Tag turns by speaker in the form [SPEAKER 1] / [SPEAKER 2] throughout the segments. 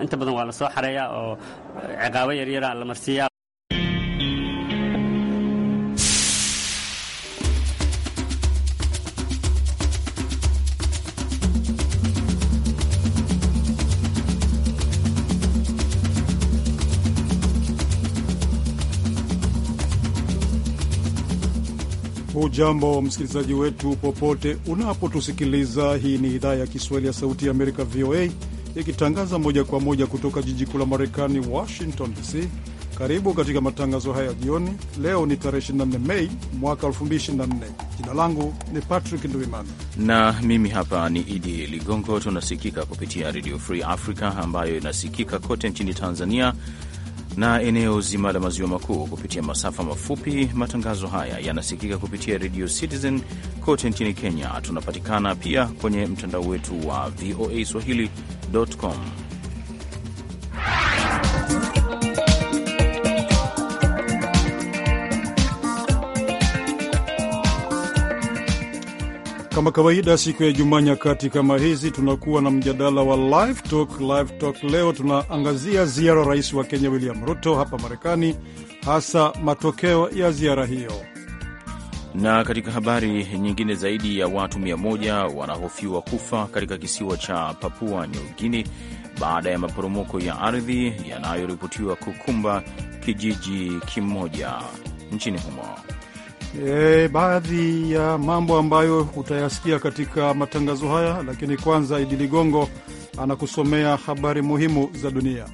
[SPEAKER 1] inta badan waa lasoo xareeya oo ciqaabo yaryara ah la marsiiya
[SPEAKER 2] Hujambo msikilizaji wetu popote unapotusikiliza. Hii ni idhaa ya Kiswahili ya Sauti ya Amerika, VOA ikitangaza moja kwa moja kutoka jiji kuu la Marekani, Washington DC. Karibu katika matangazo haya jioni. Leo ni tarehe 24 Mei mwaka 2024. Jina langu ni Patrick nduimana
[SPEAKER 3] na mimi hapa ni Idi Ligongo. Tunasikika kupitia Radio Free Africa ambayo inasikika kote nchini Tanzania na eneo zima la maziwa makuu kupitia masafa mafupi. Matangazo haya yanasikika kupitia Radio Citizen kote nchini Kenya. Tunapatikana pia kwenye mtandao wetu wa VOA swahili.com.
[SPEAKER 2] Kama kawaida siku ya Jumaa nyakati kama hizi tunakuwa na mjadala wa live talk. Live talk leo tunaangazia ziara rais wa Kenya William Ruto hapa Marekani, hasa matokeo ya ziara hiyo.
[SPEAKER 3] Na katika habari nyingine, zaidi ya watu 1 wanahofiwa kufa katika kisiwa cha Papua New Guinea baada ya maporomoko ya ardhi yanayoripotiwa kukumba kijiji kimoja nchini humo.
[SPEAKER 2] E, baadhi ya mambo ambayo utayasikia katika matangazo haya, lakini kwanza Idi Ligongo anakusomea habari muhimu za dunia.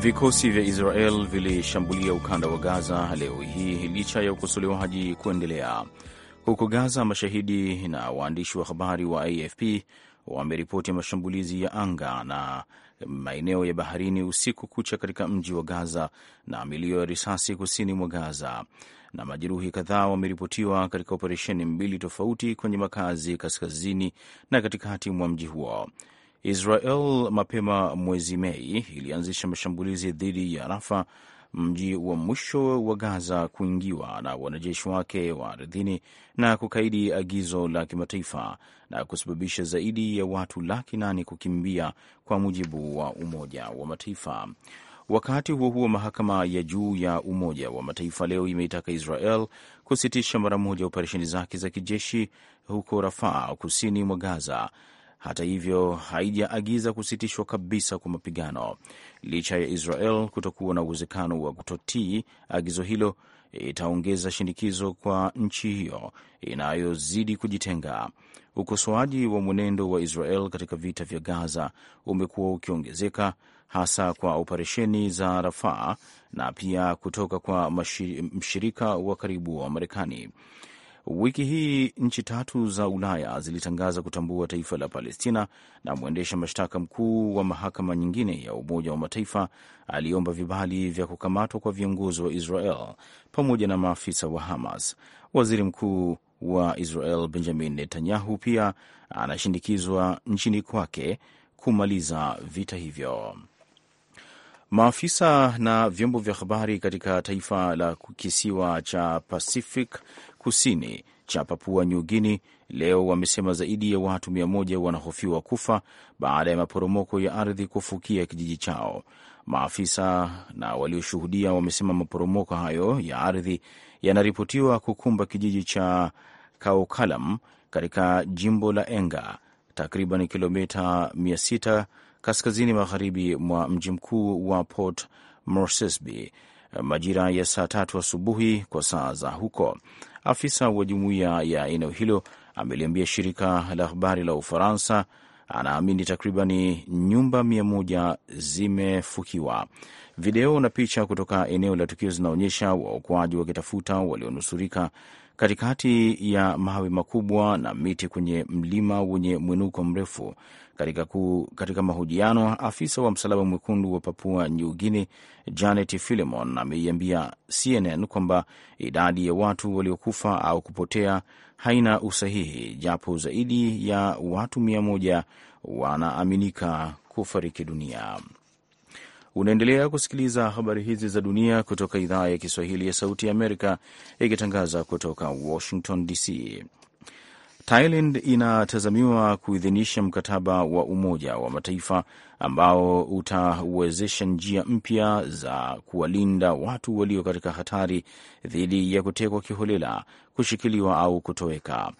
[SPEAKER 3] Vikosi vya Israel vilishambulia ukanda wa Gaza leo hii licha ya ukosolewaji kuendelea huko Gaza. Mashahidi na waandishi wa habari wa AFP wameripoti mashambulizi ya anga na maeneo ya baharini usiku kucha katika mji wa Gaza na milio ya risasi kusini mwa Gaza na majeruhi kadhaa wameripotiwa katika operesheni mbili tofauti kwenye makazi kaskazini na katikati mwa mji huo. Israel mapema mwezi Mei ilianzisha mashambulizi dhidi ya Rafa, mji wa mwisho wa Gaza kuingiwa na wanajeshi wake wa ardhini na kukaidi agizo la kimataifa na kusababisha zaidi ya watu laki nane kukimbia kwa mujibu wa Umoja wa Mataifa. Wakati huo huo, mahakama ya juu ya Umoja wa Mataifa leo imeitaka Israel kusitisha mara moja operesheni zake za kijeshi huko Rafaa, kusini mwa Gaza. Hata hivyo haijaagiza kusitishwa kabisa kwa mapigano, licha ya Israel kutokuwa na uwezekano wa kutotii agizo hilo itaongeza shinikizo kwa nchi hiyo inayozidi kujitenga. Ukosoaji wa mwenendo wa Israel katika vita vya Gaza umekuwa ukiongezeka hasa kwa operesheni za Rafaa na pia kutoka kwa mshirika wa karibu wa Marekani. Wiki hii nchi tatu za Ulaya zilitangaza kutambua taifa la Palestina, na mwendesha mashtaka mkuu wa mahakama nyingine ya Umoja wa Mataifa aliomba vibali vya kukamatwa kwa viongozi wa Israel pamoja na maafisa wa Hamas. Waziri mkuu wa Israel Benjamin Netanyahu pia anashinikizwa nchini kwake kumaliza vita hivyo. Maafisa na vyombo vya habari katika taifa la kisiwa cha Pacific kusini cha Papua New Guinea leo wamesema zaidi ya watu mia moja wanahofiwa kufa baada ya maporomoko ya ardhi kufukia kijiji chao. Maafisa na walioshuhudia wamesema maporomoko hayo ya ardhi yanaripotiwa kukumba kijiji cha Kaukalam katika jimbo la Enga, takriban kilomita 600 kaskazini magharibi mwa mji mkuu wa Port Moresby majira ya saa tatu asubuhi kwa saa za huko. Afisa wa jumuiya ya eneo hilo ameliambia shirika la habari la Ufaransa anaamini takribani nyumba mia moja zimefukiwa. Video na picha kutoka eneo la tukio zinaonyesha waokoaji wakitafuta walionusurika katikati ya mawe makubwa na miti kwenye mlima wenye mwinuko mrefu katika, ku, katika mahojiano afisa wa Msalaba Mwekundu wa Papua New Guinea Janet Philemon ameiambia CNN kwamba idadi ya watu waliokufa au kupotea haina usahihi, japo zaidi ya watu mia moja wanaaminika kufariki dunia. Unaendelea kusikiliza habari hizi za dunia kutoka idhaa ya Kiswahili ya Sauti ya Amerika, ikitangaza kutoka Washington DC. Thailand inatazamiwa kuidhinisha mkataba wa Umoja wa Mataifa ambao utawezesha njia mpya za kuwalinda watu walio katika hatari dhidi ya kutekwa kiholela, kushikiliwa au kutoweka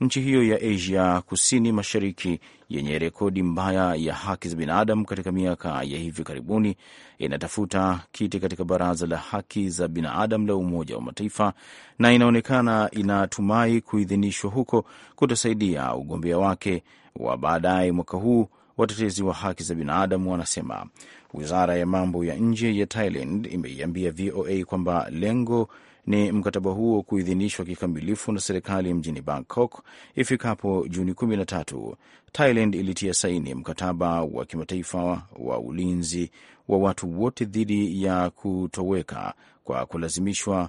[SPEAKER 3] nchi hiyo ya Asia kusini mashariki yenye rekodi mbaya ya haki za binadamu katika miaka ya hivi karibuni inatafuta kiti katika Baraza la Haki za Binadamu la Umoja wa Mataifa, na inaonekana inatumai kuidhinishwa huko kutasaidia ugombea wake wa baadaye mwaka huu. Watetezi wa haki za binadamu wanasema Wizara ya mambo ya nje ya Thailand imeiambia VOA kwamba lengo ni mkataba huo kuidhinishwa kikamilifu na serikali mjini Bangkok ifikapo Juni 13. Thailand ilitia saini mkataba wa kimataifa wa ulinzi wa watu wote dhidi ya kutoweka kwa kulazimishwa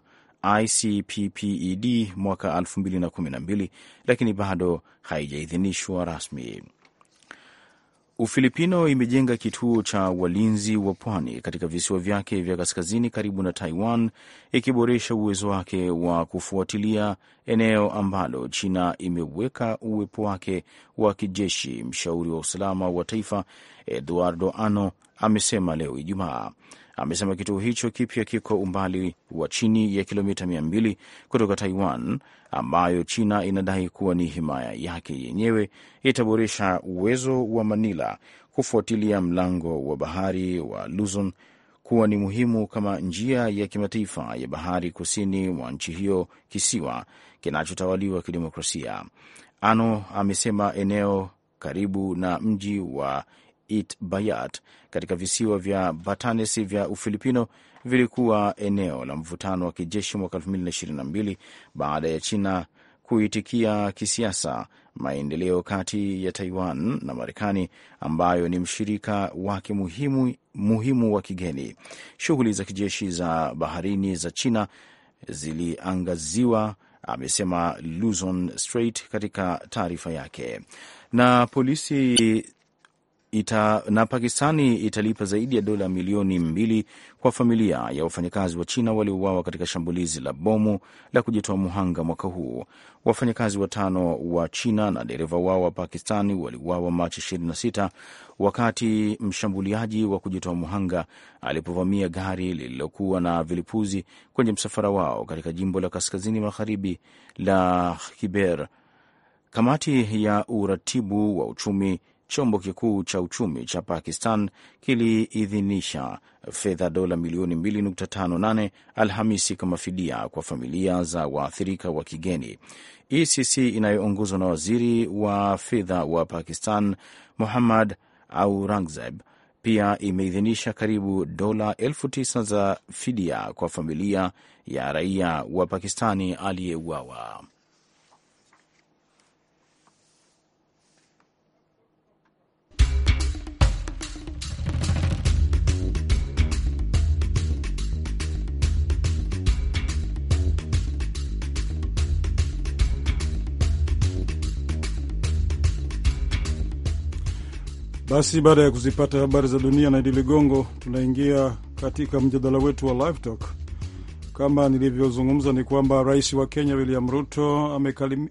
[SPEAKER 3] ICPPED mwaka 2012 lakini bado haijaidhinishwa rasmi. Ufilipino imejenga kituo cha walinzi wa pwani katika visiwa vyake vya kaskazini karibu na Taiwan, ikiboresha uwezo wake wa kufuatilia eneo ambalo China imeweka uwepo wake wa kijeshi. Mshauri wa usalama wa taifa Eduardo Ano amesema leo Ijumaa amesema kituo hicho kipya kiko umbali wa chini ya kilomita mia mbili kutoka Taiwan ambayo China inadai kuwa ni himaya yake yenyewe. Itaboresha uwezo wa Manila kufuatilia mlango wa bahari wa Luzon kuwa ni muhimu kama njia ya kimataifa ya bahari kusini mwa nchi hiyo, kisiwa kinachotawaliwa kidemokrasia. Ano amesema eneo karibu na mji wa It Bayat katika visiwa vya Batanes vya Ufilipino vilikuwa eneo la mvutano wa kijeshi mwaka 2022 baada ya China kuitikia kisiasa maendeleo kati ya Taiwan na Marekani ambayo ni mshirika wake muhimu, muhimu wa kigeni. Shughuli za kijeshi za baharini za China ziliangaziwa, amesema Luzon Strait katika taarifa yake. Na polisi ita, na Pakistani italipa zaidi ya dola milioni mbili kwa familia ya wafanyakazi wa China waliouawa katika shambulizi la bomu la kujitoa muhanga mwaka huu. Wafanyakazi watano wa China na dereva wao wa Pakistani waliuawa Machi 26 wakati mshambuliaji wa kujitoa muhanga alipovamia gari lililokuwa na vilipuzi kwenye msafara wao katika jimbo la kaskazini magharibi la Khyber. Kamati ya uratibu wa uchumi chombo kikuu cha uchumi cha Pakistan kiliidhinisha fedha dola milioni 2.58 Alhamisi kama fidia kwa familia za waathirika wa kigeni. ECC inayoongozwa na waziri wa fedha wa Pakistan Muhammad Aurangzeb pia imeidhinisha karibu dola elfu tisa za fidia kwa familia ya raia wa Pakistani aliyeuawa.
[SPEAKER 2] Basi baada ya kuzipata habari za dunia na Idi Ligongo, tunaingia katika mjadala wetu wa live talk. Kama nilivyozungumza, ni kwamba rais wa Kenya William Ruto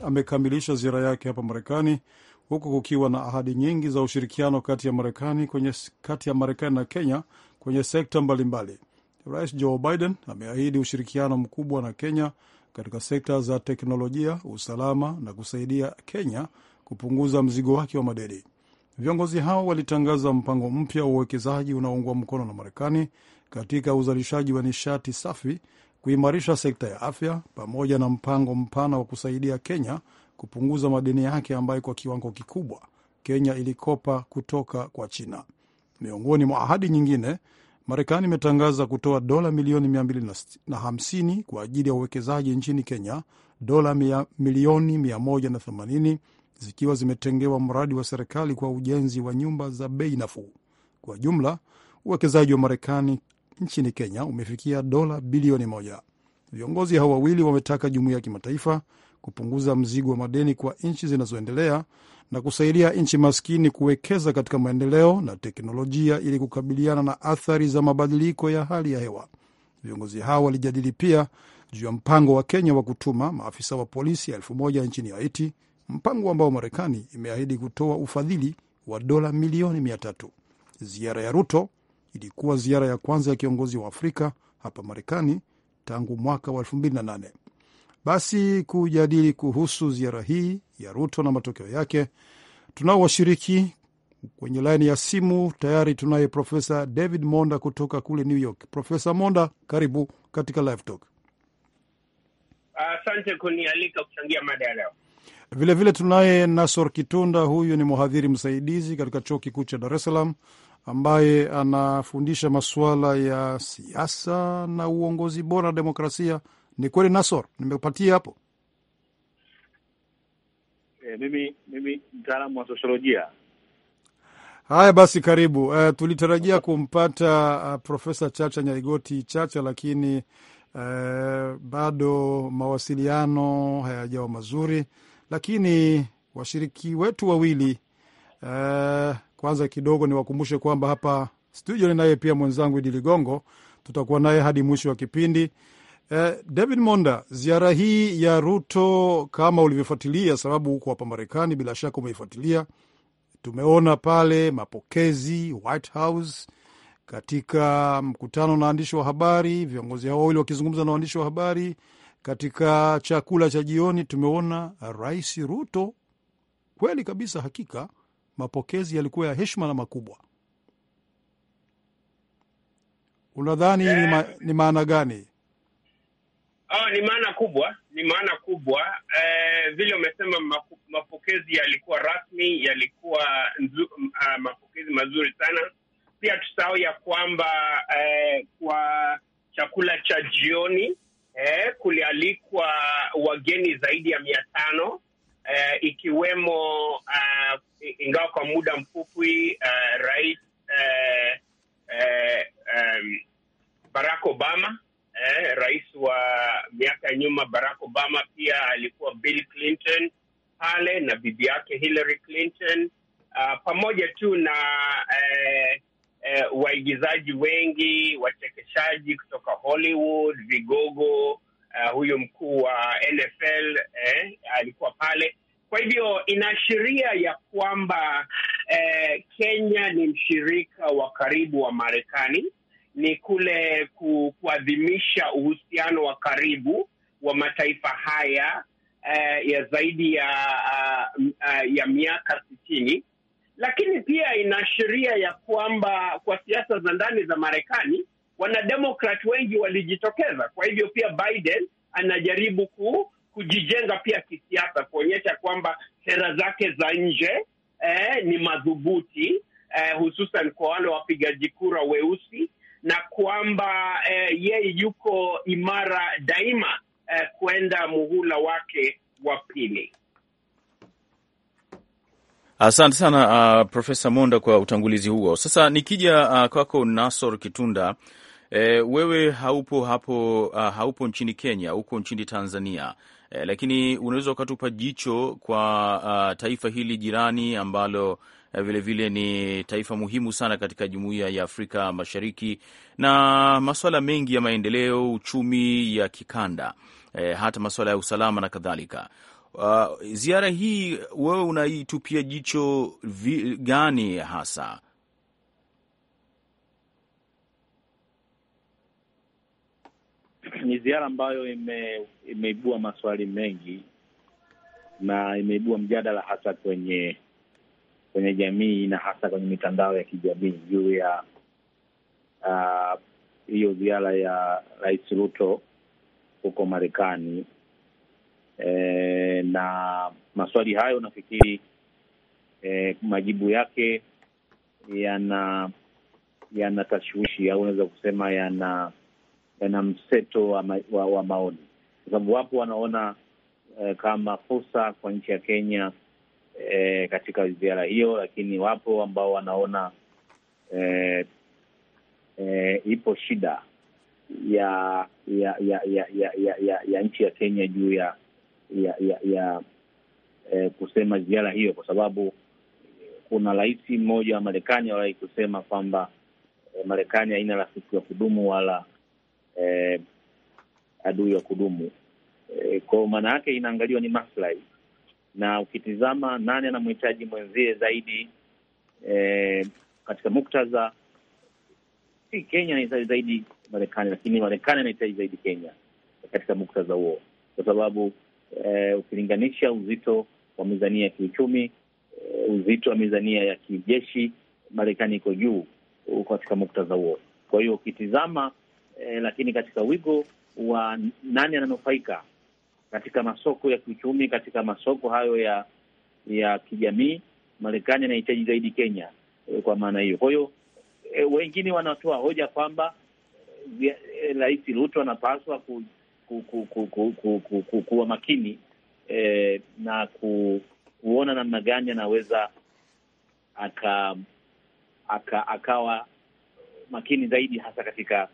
[SPEAKER 2] amekamilisha ziara yake hapa Marekani, huku kukiwa na ahadi nyingi za ushirikiano kati ya Marekani kwenye, kati ya Marekani na Kenya kwenye sekta mbalimbali. Rais Joe Biden ameahidi ushirikiano mkubwa na Kenya katika sekta za teknolojia, usalama na kusaidia Kenya kupunguza mzigo wake wa madeni. Viongozi hao walitangaza mpango mpya wa uwekezaji unaoungwa mkono na Marekani katika uzalishaji wa nishati safi, kuimarisha sekta ya afya, pamoja na mpango mpana wa kusaidia Kenya kupunguza madeni yake ambayo kwa kiwango kikubwa Kenya ilikopa kutoka kwa China. Miongoni mwa ahadi nyingine, Marekani imetangaza kutoa dola milioni 250 kwa ajili ya uwekezaji nchini Kenya, dola milioni 180 zikiwa zimetengewa mradi wa serikali kwa ujenzi wa nyumba za bei nafuu. Kwa jumla, uwekezaji wa Marekani nchini Kenya umefikia dola bilioni moja. Viongozi hao wawili wametaka jumuiya ya kimataifa kupunguza mzigo wa madeni kwa nchi zinazoendelea na kusaidia nchi maskini kuwekeza katika maendeleo na teknolojia ili kukabiliana na athari za mabadiliko ya hali ya hewa. Viongozi hao walijadili pia juu ya mpango wa Kenya wa kutuma maafisa wa polisi elfu moja nchini Haiti mpango ambao Marekani imeahidi kutoa ufadhili wa dola milioni mia tatu. Ziara ya Ruto ilikuwa ziara ya kwanza ya kiongozi wa Afrika hapa Marekani tangu mwaka wa 2008. Basi kujadili kuhusu ziara hii ya Ruto na matokeo yake, tunao washiriki kwenye laini ya simu tayari. Tunaye Profesa David Monda kutoka kule New York. Profesa Monda, karibu katika Live Talk.
[SPEAKER 4] Asante uh, kunialika kuchangia mada ya leo.
[SPEAKER 2] Vilevile tunaye Nasor Kitunda, huyu ni mhadhiri msaidizi katika chuo kikuu cha Dar es Salaam ambaye anafundisha masuala ya siasa na uongozi bora na demokrasia. Ni kweli Nasor, nimepatia hapo?
[SPEAKER 5] E, mimi
[SPEAKER 1] mimi mtaalamu wa sosiolojia.
[SPEAKER 2] Haya basi, karibu. Uh, tulitarajia kumpata uh, Profesa Chacha Nyaigoti Chacha, lakini uh, bado mawasiliano hayajawa mazuri lakini washiriki wetu wawili uh, kwanza kidogo niwakumbushe kwamba hapa studio ninaye pia mwenzangu Idi Ligongo, tutakuwa naye hadi mwisho wa kipindi. Uh, David Monda, ziara hii ya Ruto kama ulivyofuatilia, sababu huko hapa Marekani bila shaka umeifuatilia, tumeona pale mapokezi White House, katika mkutano na waandishi wa habari, viongozi hao wawili wakizungumza na waandishi wa habari katika chakula cha jioni tumeona Rais Ruto kweli kabisa, hakika mapokezi yalikuwa ya heshima na makubwa. Unadhani hii ni, ni maana gani?
[SPEAKER 4] Oh, ni maana kubwa, ni maana kubwa eh, vile umesema mapokezi yalikuwa rasmi, yalikuwa nzu, uh, mapokezi mazuri sana. Pia tusahau ya kwamba eh, kwa chakula cha jioni eh, kulialikwa wageni zaidi ya mia tano eh, ikiwemo uh, ingawa kwa muda mfupi uh, rais eh, eh, um, Barack Obama eh, rais wa miaka ya nyuma Barack Obama, pia alikuwa Bill Clinton pale na bibi yake Hillary Clinton uh, pamoja tu na eh, eh, waigizaji wengi, wachekeshaji kutoka Hollywood, vigogo eh, huyu mkuu wa NFL eh, alikuwa pale. Kwa hivyo inaashiria ya kwamba eh, Kenya ni mshirika wa karibu wa Marekani, ni kule ku, kuadhimisha uhusiano wa karibu wa mataifa haya eh, ya zaidi ya, uh, uh, ya miaka sitini lakini pia inaashiria ya kwamba kwa siasa za ndani za Marekani wanademokrat wengi walijitokeza. Kwa hivyo pia Biden anajaribu ku, kujijenga pia kisiasa, kuonyesha kwamba sera zake za nje eh, ni madhubuti eh, hususan kwa wale wapigaji kura weusi na kwamba eh, yeye yuko imara daima eh, kwenda muhula wake wa pili.
[SPEAKER 3] Asante sana uh, Profesa Monda kwa utangulizi huo. Sasa nikija uh, kwako Nasor Kitunda, e, wewe haupo hapo uh, haupo nchini Kenya, uko nchini Tanzania e, lakini unaweza ukatupa jicho kwa uh, taifa hili jirani ambalo vilevile eh, vile ni taifa muhimu sana katika jumuiya ya Afrika Mashariki na masuala mengi ya maendeleo, uchumi ya kikanda, e, hata masuala ya usalama na kadhalika. Uh, ziara hii wewe unaitupia jicho vi, gani hasa?
[SPEAKER 1] Ni ziara ambayo ime, imeibua maswali mengi na imeibua mjadala hasa kwenye kwenye jamii na hasa kwenye mitandao ya kijamii juu ya uh, hiyo uh, ziara ya Rais Ruto huko Marekani e, na maswali hayo nafikiri e, majibu yake yana yana tashwishi au unaweza kusema yana yana mseto wa, ma, wa, wa maoni, kwa sababu wapo wanaona e, kama fursa kwa nchi ya Kenya e, katika ziara hiyo, lakini wapo ambao wanaona e, e, ipo shida ya ya ya ya, ya, ya, ya, ya nchi ya Kenya juu ya ya ya, ya eh, kusema ziara hiyo, kwa sababu eh, kuna rais mmoja wa Marekani aliwahi kusema kwamba eh, Marekani haina rafiki wa kudumu wala eh, adui wa kudumu eh, kwao. Maana yake inaangaliwa ni maslahi, na ukitizama nani anamhitaji mwenzie zaidi eh, katika muktadha si Kenya anahitaji zaidi Marekani, lakini Marekani anahitaji zaidi Kenya katika muktadha huo, kwa sababu eh, ukilinganisha uzito wa mizania ya kiuchumi eh, uzito wa mizania ya kijeshi, Marekani iko juu uh, katika muktadha huo. Kwa hiyo ukitizama eh, lakini katika wigo wa nani ananufaika katika masoko ya kiuchumi, katika masoko hayo ya ya kijamii, Marekani anahitaji zaidi Kenya eh, kwa maana hiyo. Kwa hiyo eh, wengine wanatoa hoja kwamba eh, eh, Rais Ruto anapaswa ku, ku, ku, ku, ku, ku, ku, kuwa makini e, na ku, kuona namna gani anaweza aka, aka, akawa makini zaidi hasa katika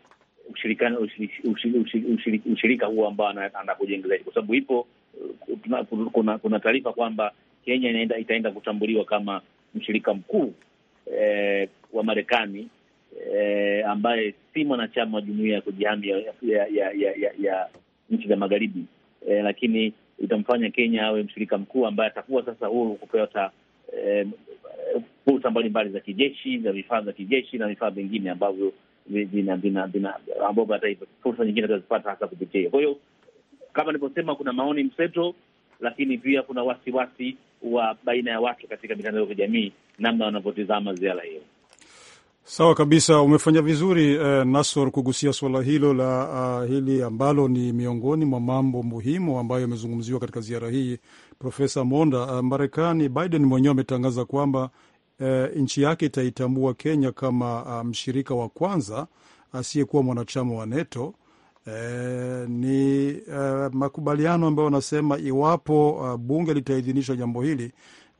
[SPEAKER 1] ushirika, ushirika, ushirika, ushirika huo ambao anakujenga zaidi, kwa sababu ipo kuna, kuna, kuna taarifa kwamba Kenya inaenda, itaenda kutambuliwa kama mshirika mkuu e, wa Marekani e, ambaye si mwanachama wa jumuiya ya kujihami ya, ya, ya, ya, ya, ya, nchi za magharibi e, lakini itamfanya Kenya awe mshirika mkuu ambaye atakuwa sasa huru kupata e, fursa mbalimbali za kijeshi za vifaa za kijeshi na vifaa vingine ambavyo ambavyo fursa nyingine atazipata hasa kupitia hiyo. Kwa hiyo kama nilivyosema, kuna maoni mseto, lakini pia kuna wasiwasi wa baina ya watu katika mitandao ya kijamii namna wanavyotizama ziara hiyo.
[SPEAKER 2] Sawa kabisa, umefanya vizuri eh, Nasor, kugusia suala hilo la uh, hili ambalo ni miongoni mwa mambo muhimu ambayo yamezungumziwa katika ziara hii. Profesa Monda, uh, Marekani, Biden mwenyewe ametangaza kwamba uh, nchi yake itaitambua Kenya kama ah, mshirika wa kwanza asiyekuwa mwanachama wa NATO. Uh, ni uh, makubaliano ambayo wanasema iwapo uh, bunge litaidhinisha jambo hili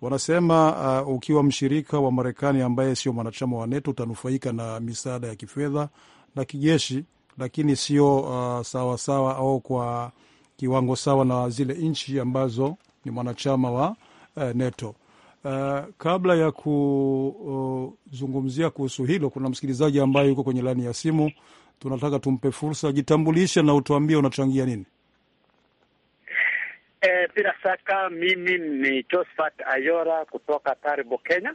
[SPEAKER 2] Wanasema uh, ukiwa mshirika wa Marekani ambaye sio mwanachama wa NATO utanufaika na misaada ya kifedha na kijeshi, lakini sio uh, sawasawa au kwa kiwango sawa na zile nchi ambazo ni mwanachama wa uh, NATO. Uh, kabla ya kuzungumzia uh, kuhusu hilo, kuna msikilizaji ambaye yuko kwenye laini ya simu, tunataka tumpe fursa, jitambulishe na utuambie unachangia nini.
[SPEAKER 6] Eh, bila shaka mimi ni Josephat Ayora kutoka Taribo, Kenya.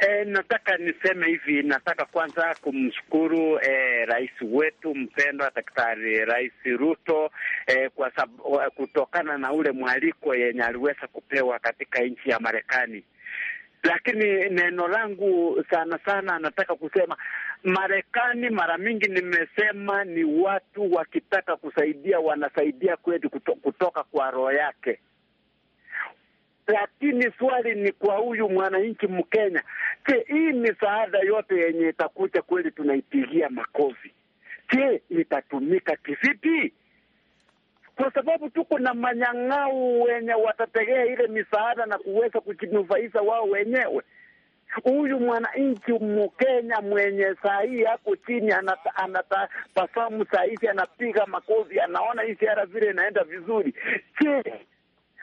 [SPEAKER 6] Eh, nataka niseme hivi, nataka kwanza kumshukuru eh, rais wetu mpendwa Daktari Rais Ruto eh, kwa sababu kutokana na ule mwaliko yenye aliweza kupewa katika nchi ya Marekani. Lakini neno langu sana sana nataka kusema Marekani mara mingi nimesema ni watu wakitaka kusaidia wanasaidia kweli kuto, kutoka kwa roho yake, lakini swali ni kwa huyu mwananchi Mkenya. Je, hii misaada yote yenye itakuja kweli tunaipigia makofi? Je, itatumika kivipi? Kwa sababu tuko na manyang'au wenye watategea ile misaada na kuweza kujinufaisha wao wenyewe huyu mwananchi Mkenya mwenye sahii hapo chini anatabasamu anata, hizi anapiga makozi anaona ishara vile inaenda vizuri. Je,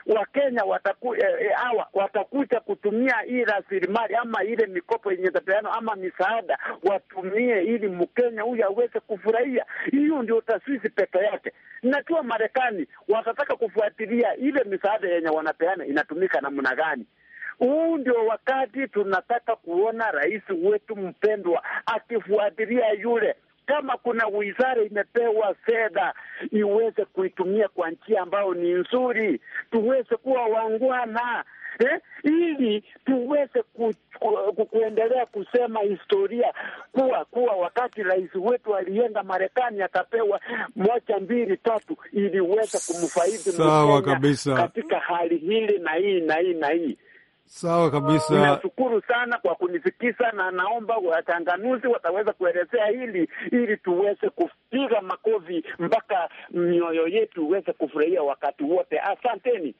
[SPEAKER 6] Wakenya wataku, eh, eh, hawa watakuja kutumia hii rasilimali ama ile mikopo yenye tapeano ama misaada watumie ili Mkenya huyu aweze kufurahia. Hiyo ndio taswisi peke yake. Najua Marekani watataka kufuatilia ile misaada yenye wanapeana inatumika namna gani. Huu ndio wakati tunataka kuona rais wetu mpendwa akifuatilia yule kama kuna wizara imepewa fedha iweze kuitumia kwa njia ambayo ni nzuri, tuweze kuwa wangwana eh, ili tuweze ku, ku, kuendelea kusema historia kuwa kuwa wakati rais wetu alienda Marekani akapewa moja mbili tatu, iliweza kumfaidi Mkenya katika hali hili na hii na hii na hii.
[SPEAKER 2] Sawa kabisa.
[SPEAKER 6] nashukuru sana kwa kunifikisa, na naomba wachanganuzi wataweza kuelezea hili ili tuweze kupiga makofi mpaka mioyo yetu iweze kufurahia wakati wote. Asanteni.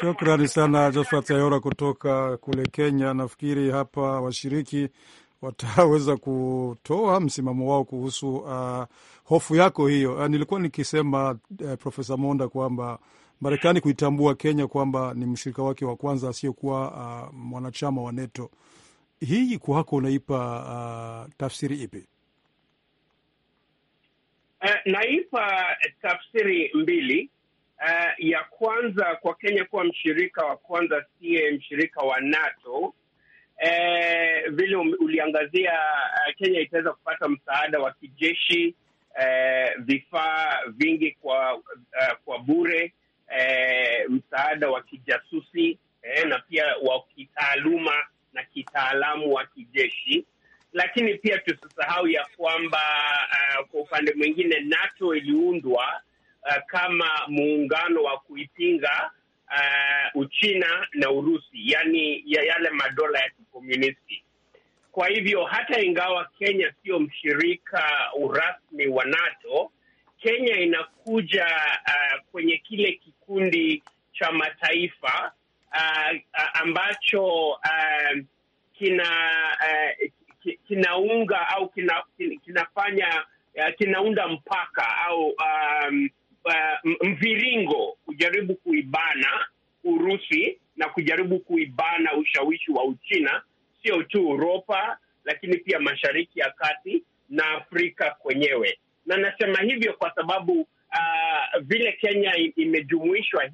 [SPEAKER 2] Shukrani sana Josephat Ayora kutoka kule Kenya. Nafikiri hapa washiriki wataweza kutoa msimamo wao kuhusu uh, hofu yako hiyo. Uh, nilikuwa nikisema uh, Profesa Monda kwamba Marekani kuitambua Kenya kwamba ni mshirika wake wa kwanza asiyokuwa uh, mwanachama wa NATO. Hii kwako unaipa uh, tafsiri ipi?
[SPEAKER 4] Uh, naipa tafsiri mbili. Uh, ya kwanza kwa Kenya kuwa mshirika wa kwanza siye mshirika wa NATO. uh, vile um-, uliangazia Kenya itaweza kupata msaada wa kijeshi uh, vifaa vingi kwa, uh, kwa bure eh, msaada wa kijasusi eh, na pia wa kitaaluma na kitaalamu wa kijeshi, lakini pia tusisahau ya kwamba uh, kwa upande mwingine NATO iliundwa uh, kama muungano wa kuipinga uh, Uchina na Urusi, yaani ya yale madola ya kikomunisti. Kwa hivyo hata ingawa Kenya sio mshirika urasmi wa NATO, Kenya inakuja uh, kwenye kile kikundi cha mataifa uh, uh, ambacho uh, kina uh,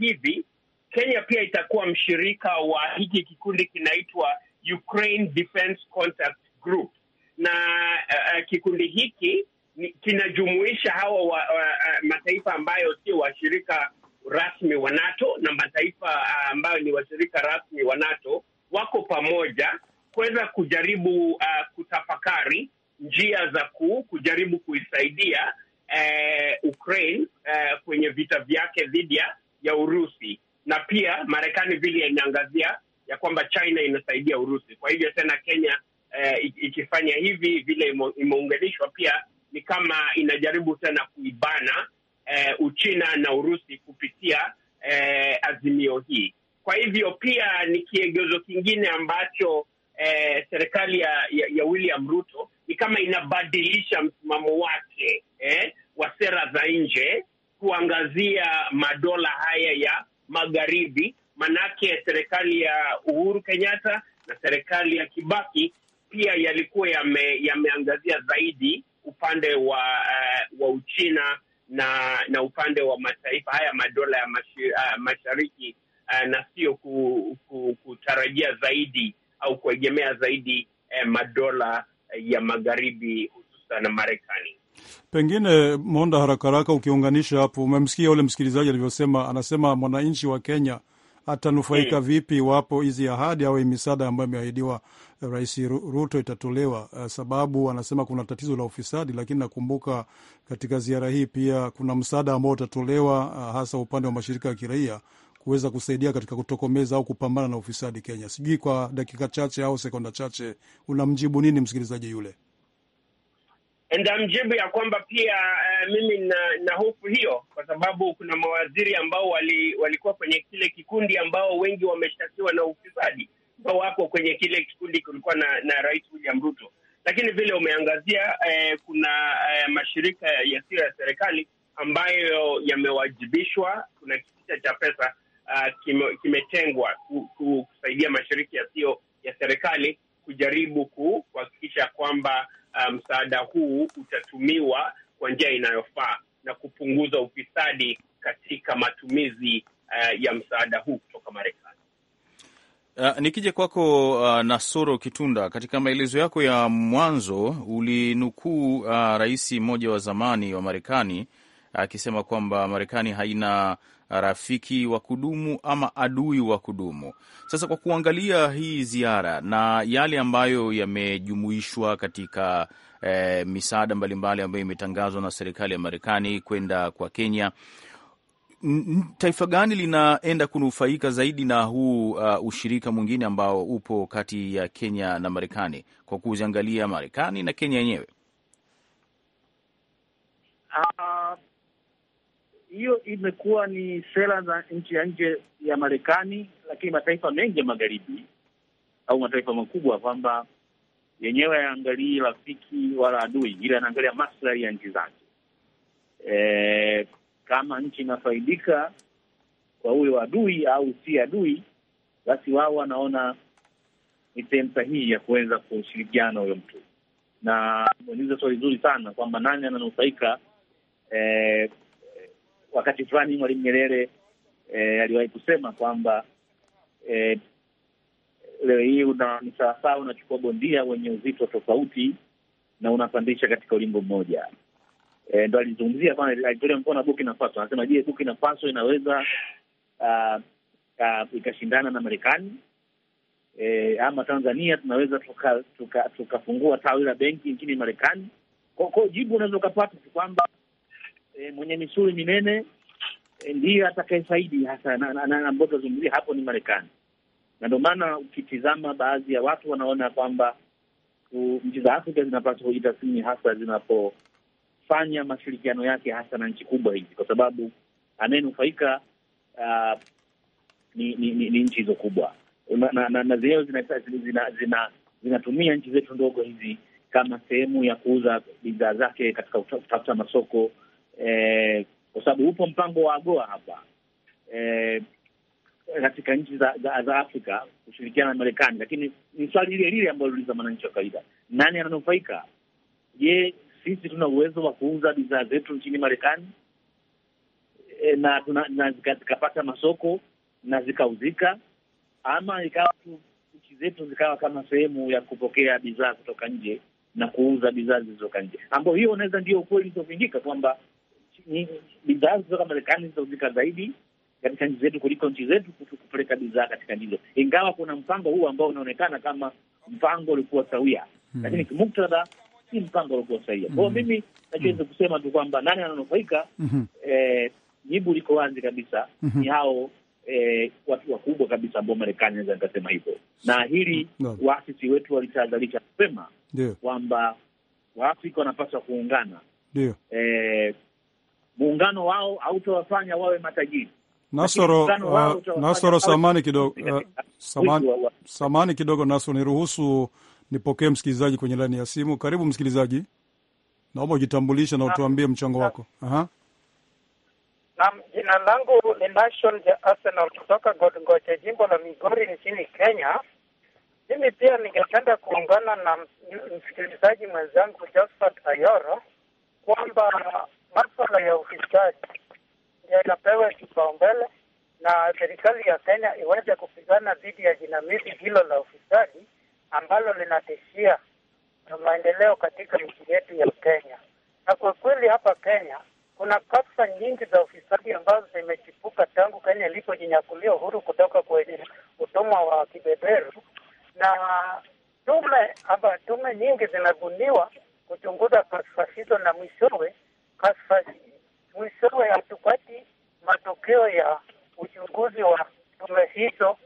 [SPEAKER 4] hivi, Kenya pia itakuwa mshirika wa hiki kikundi kinaitwa Ukraine Defense Contact Group, na uh, kikundi hiki kinajumuisha hawa kutarajia zaidi au kuegemea zaidi eh, madola eh, ya magharibi hususan Marekani.
[SPEAKER 2] Pengine Monda, haraka haraka, ukiunganisha hapo, umemsikia ule msikilizaji alivyosema, anasema mwananchi wa Kenya atanufaika hmm, vipi iwapo hizi ahadi au misaada ambayo imeahidiwa eh, Rais Ruto itatolewa? Eh, sababu anasema kuna tatizo la ufisadi, lakini nakumbuka katika ziara hii pia kuna msaada ambao utatolewa hasa upande wa mashirika ya kiraia kuweza kusaidia katika kutokomeza au kupambana na ufisadi Kenya. Sijui kwa dakika chache au sekonda chache unamjibu nini msikilizaji yule?
[SPEAKER 4] Ndamjibu ya kwamba pia uh, mimi na, na hofu hiyo, kwa sababu kuna mawaziri ambao wali, walikuwa kwenye kile kikundi ambao wengi wameshtakiwa na ufisadi ambao wako kwenye kile kikundi kulikuwa na, na Rais William Ruto, lakini vile umeangazia uh, kuna uh, mashirika yasiyo ya serikali ambayo yamewajibishwa, kuna kitita cha pesa uh, kimetengwa kime kusaidia mashirika yasiyo ya serikali kujaribu kuhakikisha kwamba uh, msaada um, huu utatumiwa kwa njia inayofaa na kupunguza ufisadi katika matumizi uh, ya msaada huu kutoka Marekani.
[SPEAKER 3] Uh, nikija kwako uh, Nasoro Kitunda, katika maelezo yako ya mwanzo ulinukuu uh, rais mmoja wa zamani wa Marekani akisema uh, kwamba Marekani haina rafiki wa kudumu ama adui wa kudumu. Sasa kwa kuangalia hii ziara na yale ambayo yamejumuishwa katika eh, misaada mbalimbali ambayo imetangazwa na serikali ya Marekani kwenda kwa Kenya, taifa gani linaenda kunufaika zaidi na huu uh, ushirika mwingine ambao upo kati ya Kenya na Marekani kwa kuziangalia Marekani na Kenya yenyewe?
[SPEAKER 6] Ah, hiyo imekuwa ni sera za nchi ya nje ya Marekani, lakini mataifa mengi
[SPEAKER 1] ya magharibi au mataifa makubwa kwamba yenyewe yaangalii rafiki wala adui, ila anaangalia maslahi ya nchi zake. E, kama nchi inafaidika kwa huyo adui au si adui, basi wao wanaona ni sehemu sahihi ya kuweza kushirikiana huyo mtu. Na umeuliza swali zuri sana kwamba nani ananufaika e, wakati fulani Mwalimu Nyerere e, aliwahi kusema kwamba e, leo hii ni sawasawa unachukua bondia wenye uzito tofauti na unapandisha katika ulingo mmoja. E, ndo alizungumzia kwamba alitolea mfano na Burkina Faso, anasema je, Burkina Faso inaweza uh, uh, ikashindana na Marekani? E, ama Tanzania tunaweza tukafungua tuka, tuka tawi la benki nchini Marekani? Kwa hiyo jibu unaweza ukapata kwamba e, mwenye misuri minene e, eh, ndiyo atakayefaidi hasa, na ambao tunazungumzia hapo ni Marekani, na ndio maana ukitizama baadhi ya watu wanaona kwamba uh, nchi za Afrika zinapaswa kujitathmini hasa zinapofanya mashirikiano yake hasa na nchi kubwa hizi, kwa sababu anayenufaika uh, ni, ni, ni, ni nchi hizo kubwa na, na, na zenyewe zinatumia zina, zina, zina nchi zetu ndogo hizi kama sehemu ya kuuza bidhaa zake katika kutafuta masoko eh, kwa sababu upo mpango wa AGOA hapa eh, katika nchi za, za, za Afrika kushirikiana na Marekani, lakini ni swali lile lile ambalo liuliza mwananchi wa kawaida, nani ananufaika? Je, sisi tuna uwezo wa kuuza bidhaa zetu nchini Marekani e, na, na, na zikapata masoko na zikauzika, ama ikawa tu nchi zetu zikawa kama sehemu ya kupokea bidhaa kutoka nje na kuuza bidhaa zilizotoka nje, ambayo hiyo unaweza ndio ukweli ulizopingika kwamba bidhaa kutoka Marekani zitauzika zaidi katika nchi zetu kuliko nchi zetu kupeleka bidhaa katika nchi ingawa kuna mpango huu ambao unaonekana kama mpango ulikuwa sawia mm. Lakini kimuktadha si mpango ulikuwa sawia kwao. Hmm. Mimi nachoweza mm. kusema tu kwamba nani ananufaika? mm -hmm. Eh, jibu liko wazi kabisa mm -hmm. ni hao eh, watu wakubwa kabisa ambao Marekani naweza nikasema hivyo, na hili hmm. no. waasisi wetu walitahadharisha mapema kwamba Waafrika wanapaswa kuungana eh, muungano wao hautawafanya wawe matajiri. Nasoro, uh, Nasoro samani
[SPEAKER 2] kidogo, uh, samani, samani kidogo Nasoro, niruhusu nipokee msikilizaji kwenye laini ya simu. Karibu msikilizaji, naomba ujitambulishe na utuambie mchango wako. Aha.
[SPEAKER 7] Naam, jina langu ni Nation ya Arsenal kutoka Godgoche, jimbo la Migori nchini Kenya. Mimi pia ningependa kuungana na msikilizaji mwenzangu Josephat Ayoro kwamba maswala ya ufisadi yanapewa kipaumbele na serikali ya Kenya iweze kupigana dhidi ya jinamizi hilo la ufisadi ambalo linatishia maendeleo katika nchi yetu ya Kenya. Na kwa kweli hapa Kenya kuna kafsa nyingi za ufisadi ambazo zimechipuka tangu Kenya ilipojinyakulia uhuru kutoka kwenye utumwa wa kibeberu, na tume ama tume nyingi zinabuniwa kuchunguza kafsa hizo, na mwishowe kaskazini. Mwishowe hatupati matokeo ya uchunguzi wa tume hizo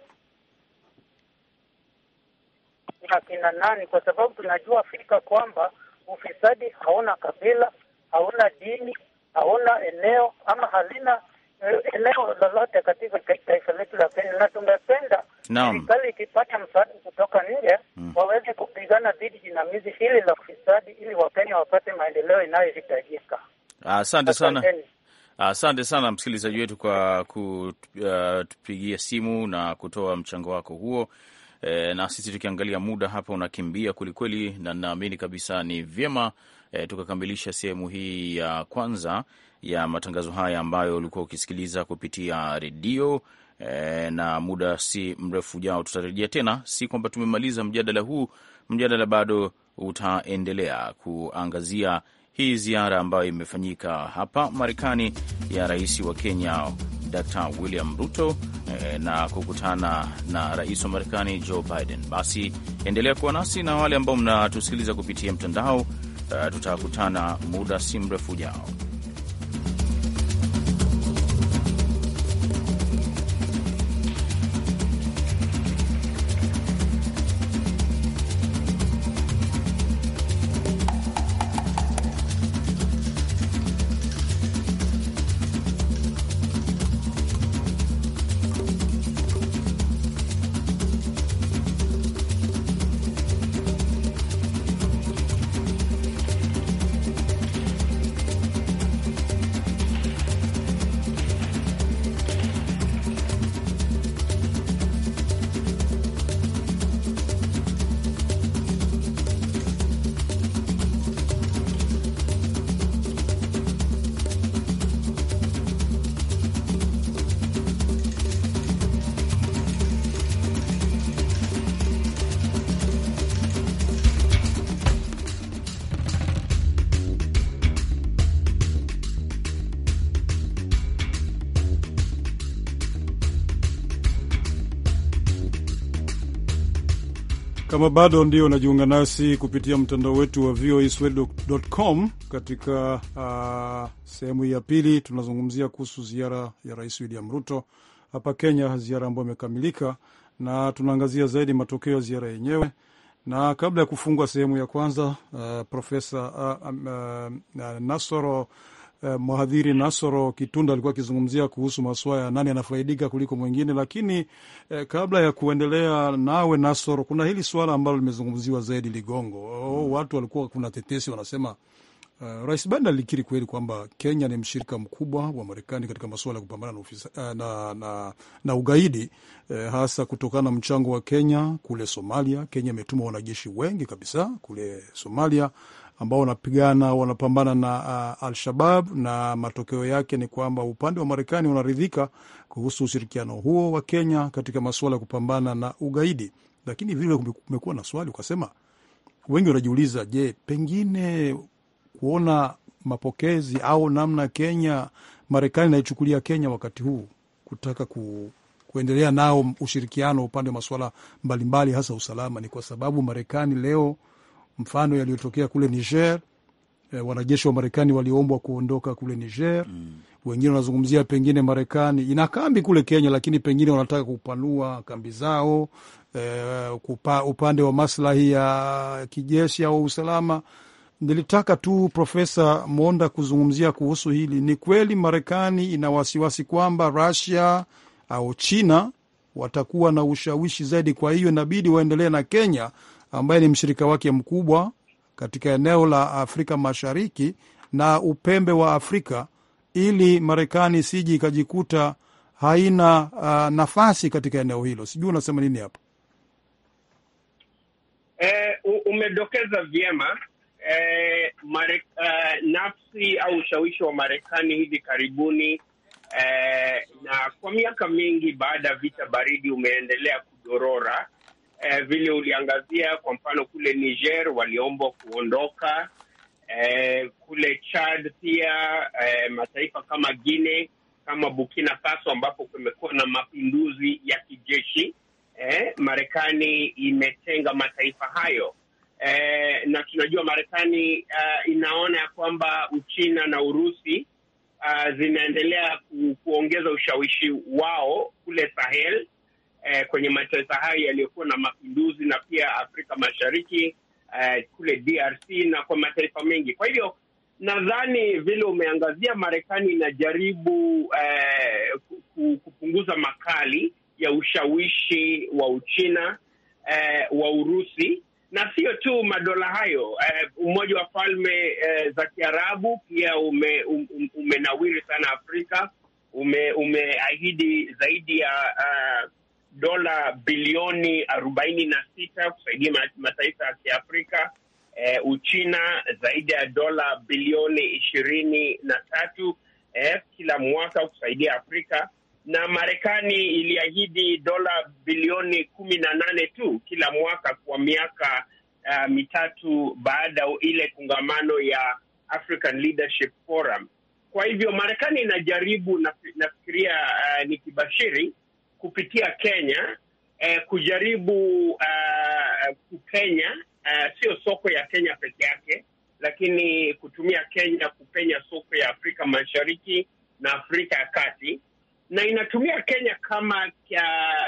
[SPEAKER 7] na kina nani, kwa sababu tunajua fika kwamba ufisadi hauna kabila, hauna dini, hauna eneo ama halina eneo lolote katika taifa letu la Kenya, na tumependa
[SPEAKER 3] serikali
[SPEAKER 7] ikipata msaada kutoka nje mm, waweze kupigana dhidi jinamizi hili la ufisadi, ili Wakenya wapate maendeleo inayohitajika.
[SPEAKER 3] Asante sana, asante sana msikilizaji wetu kwa kutupigia uh, simu na kutoa mchango wako huo. E, na sisi tukiangalia muda hapa unakimbia kwelikweli, na naamini kabisa ni vyema e, tukakamilisha sehemu hii ya kwanza ya matangazo haya ambayo ulikuwa ukisikiliza kupitia redio e, na muda si mrefu ujao tutarejea tena. Si kwamba tumemaliza mjadala huu, mjadala bado utaendelea kuangazia hii ziara ambayo imefanyika hapa Marekani ya rais wa Kenya Dr. William Ruto eh, na kukutana na rais wa Marekani Joe Biden. Basi endelea kuwa nasi na wale ambao mnatusikiliza kupitia mtandao. Eh, tutakutana muda si mrefu ujao.
[SPEAKER 2] Kama bado ndio unajiunga nasi kupitia mtandao wetu wa voaswahili.com, katika uh, sehemu ya pili tunazungumzia kuhusu ziara ya Rais William Ruto hapa Kenya, ziara ambayo imekamilika, na tunaangazia zaidi matokeo ya ziara yenyewe. Na kabla ya kufungua sehemu ya kwanza, uh, Profesa uh, um, uh, Nasoro uh, mhadhiri Nasoro Kitunda alikuwa akizungumzia kuhusu masuala ya nani anafaidika kuliko mwingine. Lakini eh, kabla ya kuendelea nawe, Nasoro, kuna hili swala ambalo limezungumziwa zaidi, Ligongo. Oh, watu walikuwa, kuna tetesi wanasema Uh, Rais Biden alikiri kweli kwamba Kenya ni mshirika mkubwa wa Marekani katika masuala ya kupambana na, ufisa, uh, na, na, na ugaidi uh, hasa kutokana na mchango wa Kenya kule Somalia. Kenya imetuma wanajeshi wengi kabisa kule Somalia ambao wanapigana wanapambana na uh, Al-Shabab, na matokeo yake ni kwamba upande wa Marekani unaridhika kuhusu ushirikiano huo wa Kenya katika masuala ya kupambana na ugaidi. Lakini vile kumekuwa na swali, ukasema wengi wanajiuliza, je, pengine kuona mapokezi au namna Kenya Marekani naichukulia Kenya wakati huu kutaka ku, kuendelea nao ushirikiano upande wa masuala mbalimbali hasa usalama, ni kwa sababu Marekani leo mfano yaliyotokea kule Niger, e, wanajeshi wa Marekani waliombwa kuondoka kule Niger mm. Wengine wanazungumzia pengine Marekani ina kambi kule Kenya, lakini pengine wanataka kupanua kambi zao e, kupa, upande wa maslahi ya kijeshi au usalama. Nilitaka tu Profesa Monda kuzungumzia kuhusu hili. Ni kweli Marekani ina wasiwasi kwamba Russia au China watakuwa na ushawishi zaidi, kwa hiyo inabidi waendelee na Kenya ambaye ni mshirika wake mkubwa katika eneo la Afrika Mashariki na upembe wa Afrika, ili Marekani siji ikajikuta haina uh, nafasi katika eneo hilo. Sijui unasema nini hapa
[SPEAKER 4] E, eh, umedokeza vyema e, eh, mare, uh, eh, nafsi au ushawishi wa Marekani hivi karibuni e, na kwa miaka mingi baada ya vita baridi umeendelea kudorora eh, vile uliangazia kwa mfano kule Niger waliombwa kuondoka, eh, kule Chad pia eh, mataifa kama guine kama Burkina Faso ambapo kumekuwa na mapinduzi ya kijeshi eh, Marekani imetenga mataifa hayo eh, na tunajua Marekani uh, inaona ya kwamba Uchina na Urusi uh, zinaendelea ku, kuongeza ushawishi wao kule Sahel eh, kwenye mataifa hayo yaliyokuwa na mapinduzi na pia Afrika Mashariki eh, kule DRC na kwa mataifa mengi. Kwa hivyo nadhani vile umeangazia, Marekani inajaribu eh, kupunguza makali ya ushawishi wa Uchina eh, wa Urusi na sio tu madola hayo eh, Umoja wa Falme eh, za Kiarabu pia ume, um, um umenawiri sana Afrika, umeahidi ume zaidi ya uh, dola bilioni arobaini na sita kusaidia mataifa ya Kiafrika. Eh, Uchina zaidi ya dola bilioni ishirini na tatu eh, kila mwaka kusaidia Afrika, na Marekani iliahidi dola bilioni kumi na nane tu kila mwaka kwa miaka uh, mitatu baada ile kongamano ya African Leadership Forum. Kwa hivyo Marekani inajaribu, nafikiria uh, ni kibashiri kupitia Kenya eh, kujaribu uh, kupenya uh, sio soko ya Kenya peke yake, lakini kutumia Kenya kupenya soko ya Afrika Mashariki na Afrika ya Kati, na inatumia Kenya kama kya,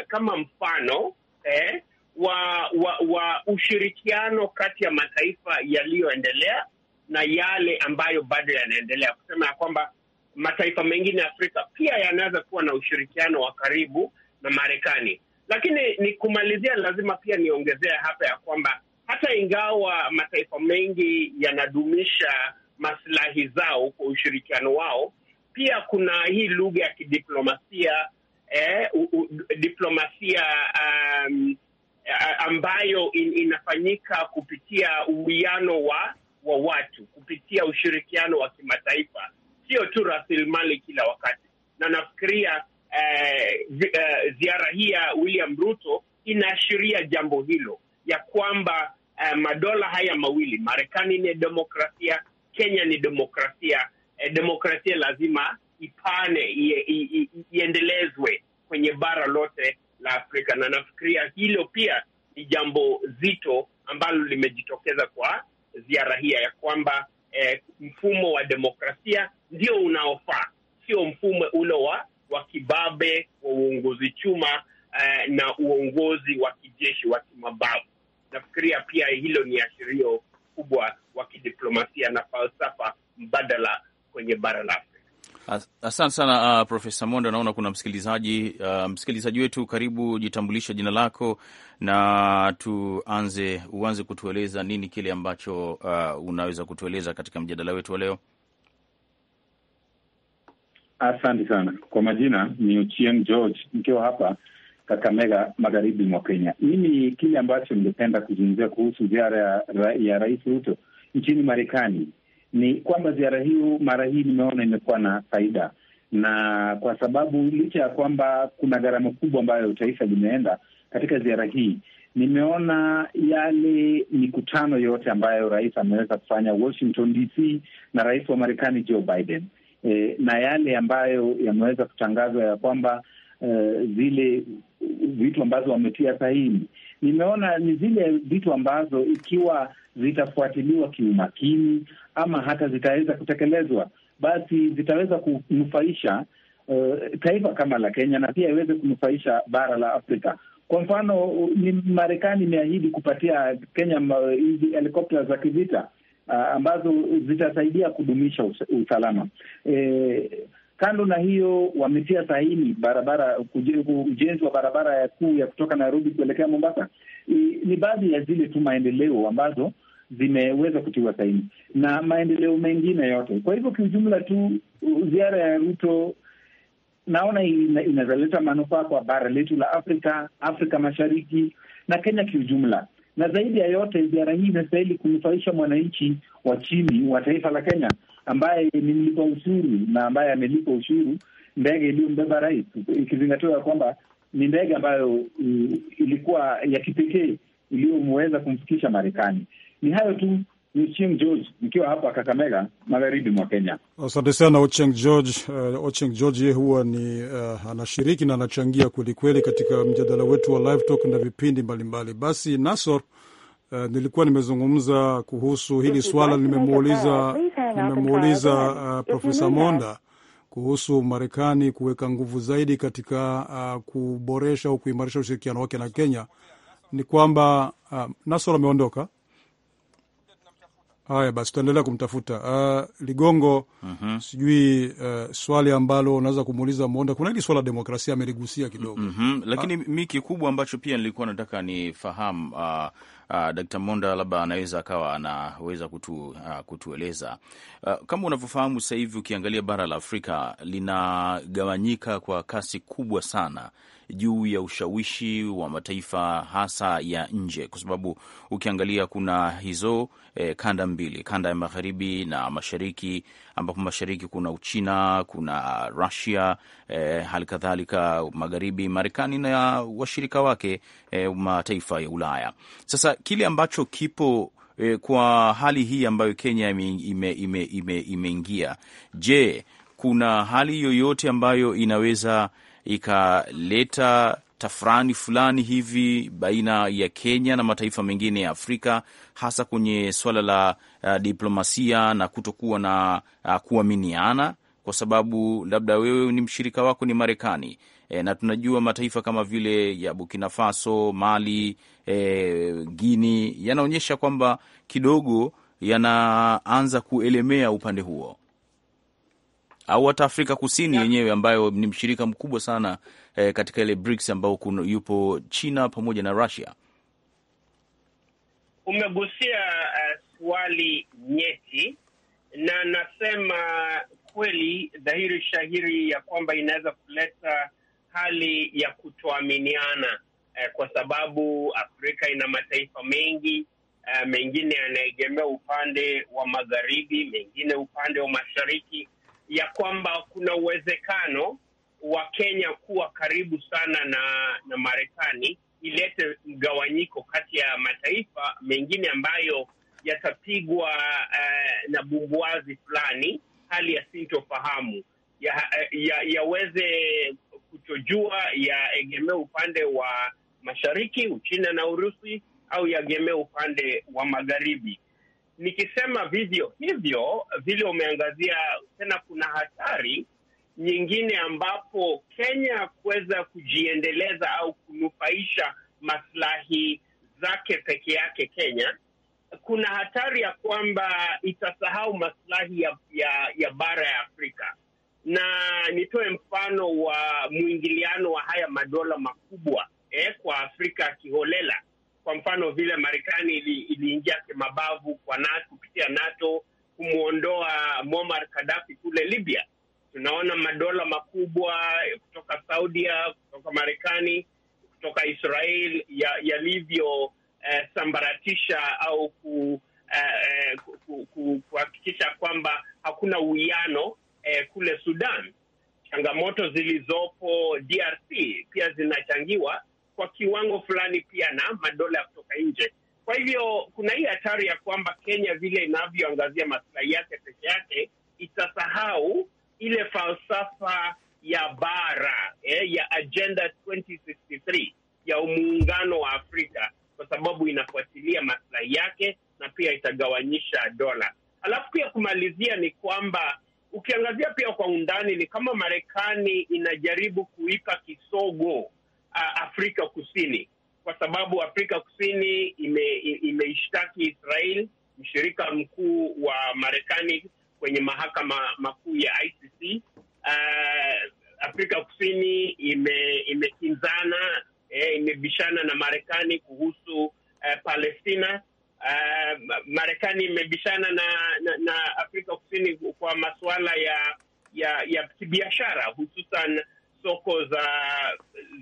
[SPEAKER 4] kama mfano eh, wa, wa wa ushirikiano kati ya mataifa yaliyoendelea na yale ambayo bado yanaendelea, kusema ya kwamba mataifa mengine ya Afrika pia yanaweza kuwa na ushirikiano wa karibu na Marekani. Lakini ni kumalizia, lazima pia niongezea hapa ya kwamba hata ingawa mataifa mengi yanadumisha masilahi zao kwa ushirikiano wao, pia kuna hii lugha ya kidiplomasia eh, u, u, diplomasia um, ambayo in, inafanyika kupitia uwiano wa wa watu kupitia ushirikiano wa kimataifa sio tu rasilimali kila wakati, na nafikiria eh, eh, ziara hii ya William Ruto inaashiria jambo hilo ya kwamba eh, madola haya mawili Marekani ni demokrasia, Kenya ni demokrasia. Eh, demokrasia lazima ipane iendelezwe kwenye bara lote la Afrika, na nafikiria hilo pia ni jambo zito ambalo limejitokeza kwa ziara hii ya kwamba eh, mfumo wa demokrasia ndio unaofaa, sio mfumo ule wa wa kibabe wa uongozi chuma eh, na uongozi wa kijeshi wa kimabavu. Nafikiria pia hilo ni ashirio kubwa wa kidiplomasia na falsafa mbadala kwenye bara la
[SPEAKER 3] Asante sana uh, Profesa Mondo. Naona kuna msikilizaji uh, msikilizaji wetu, karibu, jitambulisha jina lako na tuanze, uanze kutueleza nini kile ambacho uh, unaweza kutueleza katika mjadala wetu wa leo.
[SPEAKER 8] Asante sana kwa majina ni Uchien George, nikiwa hapa Kakamega, magharibi mwa Kenya. Mimi kile ambacho ningependa kuzungumzia kuhusu ziara ya Rais Ruto nchini Marekani ni kwamba ziara hiyo mara hii nimeona imekuwa na faida,
[SPEAKER 1] na
[SPEAKER 8] kwa sababu licha ya kwamba kuna gharama kubwa ambayo taifa limeenda katika ziara hii, nimeona yale mikutano yote ambayo rais ameweza kufanya Washington DC na rais wa Marekani Joe Biden e, na yale ambayo yameweza kutangazwa ya kwamba e, zile vitu ambazo wametia sahihi nimeona ni zile vitu ambazo ikiwa zitafuatiliwa kiumakini ama hata zitaweza kutekelezwa, basi zitaweza kunufaisha uh, taifa kama la Kenya na pia iweze kunufaisha bara la Afrika. Kwa mfano, ni Marekani imeahidi kupatia Kenya hizi helikopta za kivita uh, ambazo zitasaidia kudumisha us usalama. E, Kando na hiyo, wametia sahini barabara ujenzi wa barabara ya kuu ya kutoka Nairobi kuelekea Mombasa. Ni baadhi ya zile tu maendeleo ambazo zimeweza kutiwa sahini na maendeleo mengine yote. Kwa hivyo kiujumla tu ziara ya Ruto naona inazaleta manufaa kwa bara letu la Afrika, Afrika Mashariki na Kenya kiujumla. Na zaidi ya yote, ziara hii inastahili kunufaisha mwananchi wa chini wa taifa la Kenya ambaye ni mlipa ushuru na ambaye amelipa ushuru ndege iliyombeba rais, ikizingatiwa ya kwamba ni ndege ambayo uh, ilikuwa ya kipekee iliyomweza kumfikisha Marekani. Ni hayo tu. Ochieng George nikiwa hapa Kakamega, magharibi mwa Kenya.
[SPEAKER 2] Asante sana Ocheng George. Uh, Ocheng George ye huwa ni uh, anashiriki na anachangia kwelikweli katika mjadala wetu wa Live Talk na vipindi mbalimbali mbali. Basi Nasor, Uh, nilikuwa nimezungumza kuhusu hili swala, nimemuuliza nimemuuliza uh, Profesa Monda kuhusu Marekani kuweka nguvu zaidi katika uh, kuboresha au kuimarisha ushirikiano wake na Kenya. Ni kwamba uh, Nasoro ameondoka Haya basi, tutaendelea kumtafuta uh, Ligongo. uh mhm. -huh. Sijui uh, swali ambalo unaweza kumuuliza Monda, kuna hili swala la demokrasia ameligusia
[SPEAKER 3] kidogo. uh mhm. -huh. Lakini uh, mi kikubwa ambacho pia nilikuwa nataka nifahamu uh, Uh, Dr. Monda labda anaweza akawa anaweza kutu, uh, kutueleza uh, kama unavyofahamu sasa hivi ukiangalia bara la Afrika linagawanyika kwa kasi kubwa sana juu ya ushawishi wa mataifa hasa ya nje, kwa sababu ukiangalia kuna hizo eh, kanda mbili, kanda ya magharibi na mashariki, ambapo mashariki kuna Uchina, kuna Rusia, eh, hali kadhalika magharibi, Marekani na washirika wake eh, mataifa ya Ulaya. Sasa kile ambacho kipo eh, kwa hali hii ambayo Kenya imeingia ime, ime, ime je, kuna hali yoyote ambayo inaweza ikaleta tafurani fulani hivi baina ya Kenya na mataifa mengine ya Afrika hasa kwenye suala la uh, diplomasia na kutokuwa na uh, kuaminiana, kwa sababu labda wewe ni mshirika wako ni Marekani e, na tunajua mataifa kama vile ya Burkina Faso, Mali, e, Guini yanaonyesha kwamba kidogo yanaanza kuelemea upande huo au hata Afrika Kusini yenyewe ambayo ni mshirika mkubwa sana eh, katika ile BRICS ambao yupo China pamoja na Russia.
[SPEAKER 4] Umegusia uh, swali nyeti na nasema kweli dhahiri shahiri ya kwamba inaweza kuleta hali ya kutoaminiana eh, kwa sababu Afrika ina mataifa mengi eh, mengine yanaegemea upande wa magharibi, mengine upande wa mashariki ya kwamba kuna uwezekano wa Kenya kuwa karibu sana na, na Marekani ilete mgawanyiko kati ya mataifa mengine ambayo yatapigwa uh, na bumbuazi fulani, hali ya sintofahamu yaweze ya, ya kutojua yaegemee upande wa mashariki Uchina na Urusi au yaegemee upande wa magharibi nikisema vivyo hivyo vile umeangazia tena, kuna hatari nyingine ambapo Kenya kuweza kujiendeleza au kunufaisha maslahi zake peke yake Kenya, kuna hatari ya kwamba itasahau maslahi ya, ya, ya bara ya Afrika na nitoe mfano wa mwingiliano wa haya madola makubwa eh, kwa Afrika kiholela kwa mfano vile Marekani iliingia ili kimabavu kwa NATO, kupitia NATO kumwondoa Muammar Gaddafi kule Libya. Tunaona madola makubwa kutoka Saudia, kutoka Marekani, kutoka Israel yalivyo ya eh, au ku eh, kuhakikisha ku, ku, kwamba hakuna uwiano eh, kule Sudan. Changamoto zilizopo DRC pia zinachangiwa kwa kiwango fulani pia na madola ya kutoka nje. Kwa hivyo kuna hii hatari ya kwamba Kenya vile inavyoangazia maslahi yake peke yake itasahau ile falsafa ya bara eh, ya Agenda 2063 ya muungano wa Afrika kwa sababu inafuatilia maslahi yake na pia itagawanyisha dola. Alafu pia kumalizia ni kwamba ukiangazia pia kwa undani ni kama Marekani inajaribu kuipa kisogo Afrika Kusini, kwa sababu Afrika Kusini imeishtaki ime Israel, mshirika mkuu wa Marekani kwenye mahakama makuu ya ICC. Uh, Afrika Kusini imekinzana ime eh, imebishana na Marekani kuhusu uh, Palestina. Uh, Marekani imebishana na, na, na Afrika Kusini kwa masuala ya ya, ya kibiashara hususan soko za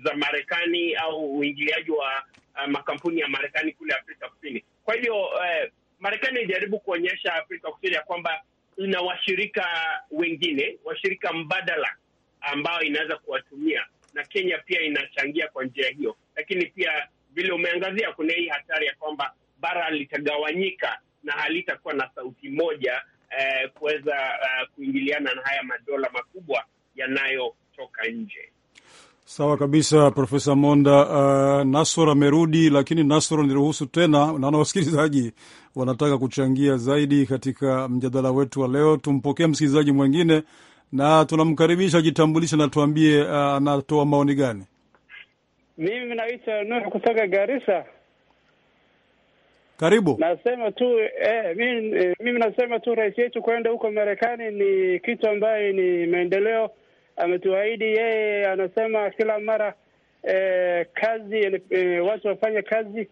[SPEAKER 4] za Marekani au uingiliaji wa uh, makampuni ya Marekani kule Afrika Kusini. Kwa hivyo uh, Marekani ijaribu kuonyesha Afrika Kusini ya kwamba ina washirika wengine, washirika mbadala ambayo inaweza kuwatumia, na Kenya pia inachangia kwa njia hiyo. Lakini pia vile umeangazia, kuna hii hatari ya kwamba bara litagawanyika na halitakuwa na sauti moja eh, kuweza uh, kuingiliana na haya madola makubwa yanayo kutoka nje.
[SPEAKER 2] Sawa kabisa, Profesa Monda. Uh, Nasor amerudi, lakini Nasor, niruhusu tena, naona wasikilizaji wanataka kuchangia zaidi katika mjadala wetu wa leo. Tumpokee msikilizaji mwingine na tunamkaribisha ajitambulishe natuambie uh, anatoa uh, maoni gani.
[SPEAKER 6] Mimi naitwa Nur kutoka Garissa. Karibu. Nasema tu eh, mimi, eh, mimi nasema tu rais yetu kwenda huko Marekani ni kitu ambayo ni maendeleo ametuahidi yeye, anasema kila mara eh, kazi eh, watu wafanye kazi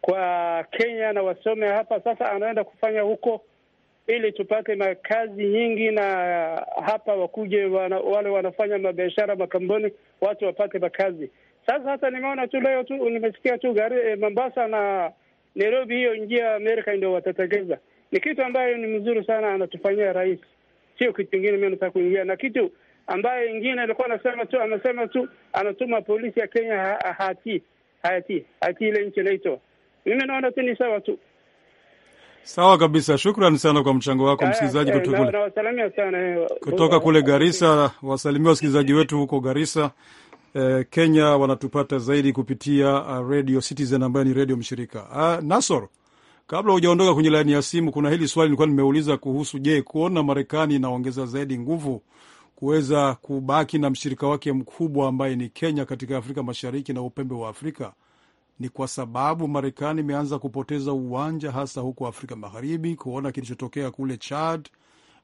[SPEAKER 6] kwa Kenya na wasome hapa. Sasa anaenda kufanya huko ili tupate makazi nyingi, na hapa wakuje wana, wale wanafanya mabiashara makampuni, watu wapate makazi. Sasa hata nimeona tu leo tu nimesikia tu gari eh, Mombasa na Nairobi, hiyo njia ya Amerika ndio watategeza. Ni kitu ambayo ni mzuri sana anatufanyia rais, sio kitu kingine. mi nataka kuingia na kitu ambaye ingine alikuwa anasema tu anasema tu anatuma polisi ya Kenya ha, hati hati hati ile nchi inaitwa. Mimi naona tu ni sawa tu.
[SPEAKER 2] Sawa kabisa, shukrani sana kwa mchango wako ah, msikilizaji eh, kutoka
[SPEAKER 6] kule, eh, kutoka kule
[SPEAKER 2] Garissa. Wasalimia wasikilizaji wetu huko Garissa, eh, Kenya. Wanatupata zaidi kupitia ah, Radio Citizen ambayo ni radio mshirika. Ah, Nasor, kabla hujaondoka kwenye laini ya simu, kuna hili swali nilikuwa nimeuliza kuhusu, je, kuona Marekani inaongeza zaidi nguvu kuweza kubaki na mshirika wake mkubwa ambaye ni Kenya katika Afrika Mashariki na upembe wa Afrika ni kwa sababu Marekani imeanza kupoteza uwanja, hasa huko Afrika Magharibi, kuona kilichotokea kule Chad,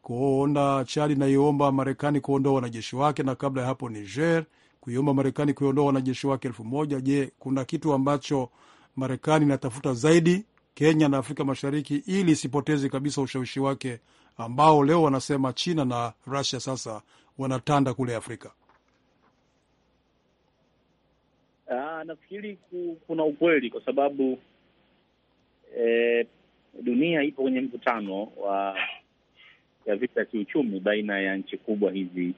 [SPEAKER 2] kuona Chad inaiomba Marekani kuondoa wanajeshi wake, na kabla ya hapo Niger kuiomba Marekani kuondoa wanajeshi wake elfu moja. Je, kuna kitu ambacho Marekani inatafuta zaidi Kenya na Afrika Mashariki ili isipoteze kabisa ushawishi wake ambao leo wanasema China na rusia sasa wanatanda kule Afrika?
[SPEAKER 1] Aa, ah, nafikiri kuna ukweli kwa sababu e, dunia ipo kwenye mkutano wa ya vita ya kiuchumi baina ya nchi kubwa hizi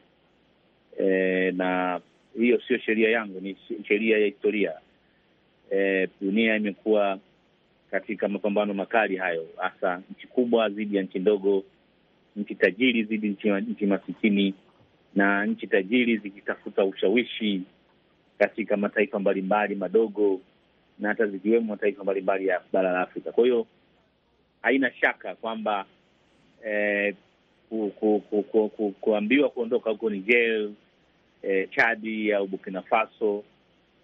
[SPEAKER 1] e, na hiyo sio sheria yangu, ni sheria ya historia. E, dunia imekuwa katika mapambano makali hayo, hasa nchi kubwa dhidi ya nchi ndogo, nchi tajiri dhidi nchi masikini na nchi tajiri zikitafuta ushawishi katika mataifa mbalimbali madogo na hata zikiwemo mataifa mbalimbali ya bara la Afrika. Kwa hiyo haina shaka kwamba eh, ku, ku, ku, ku, kuambiwa kuondoka huko Niger, eh, Chadi au Burkina Faso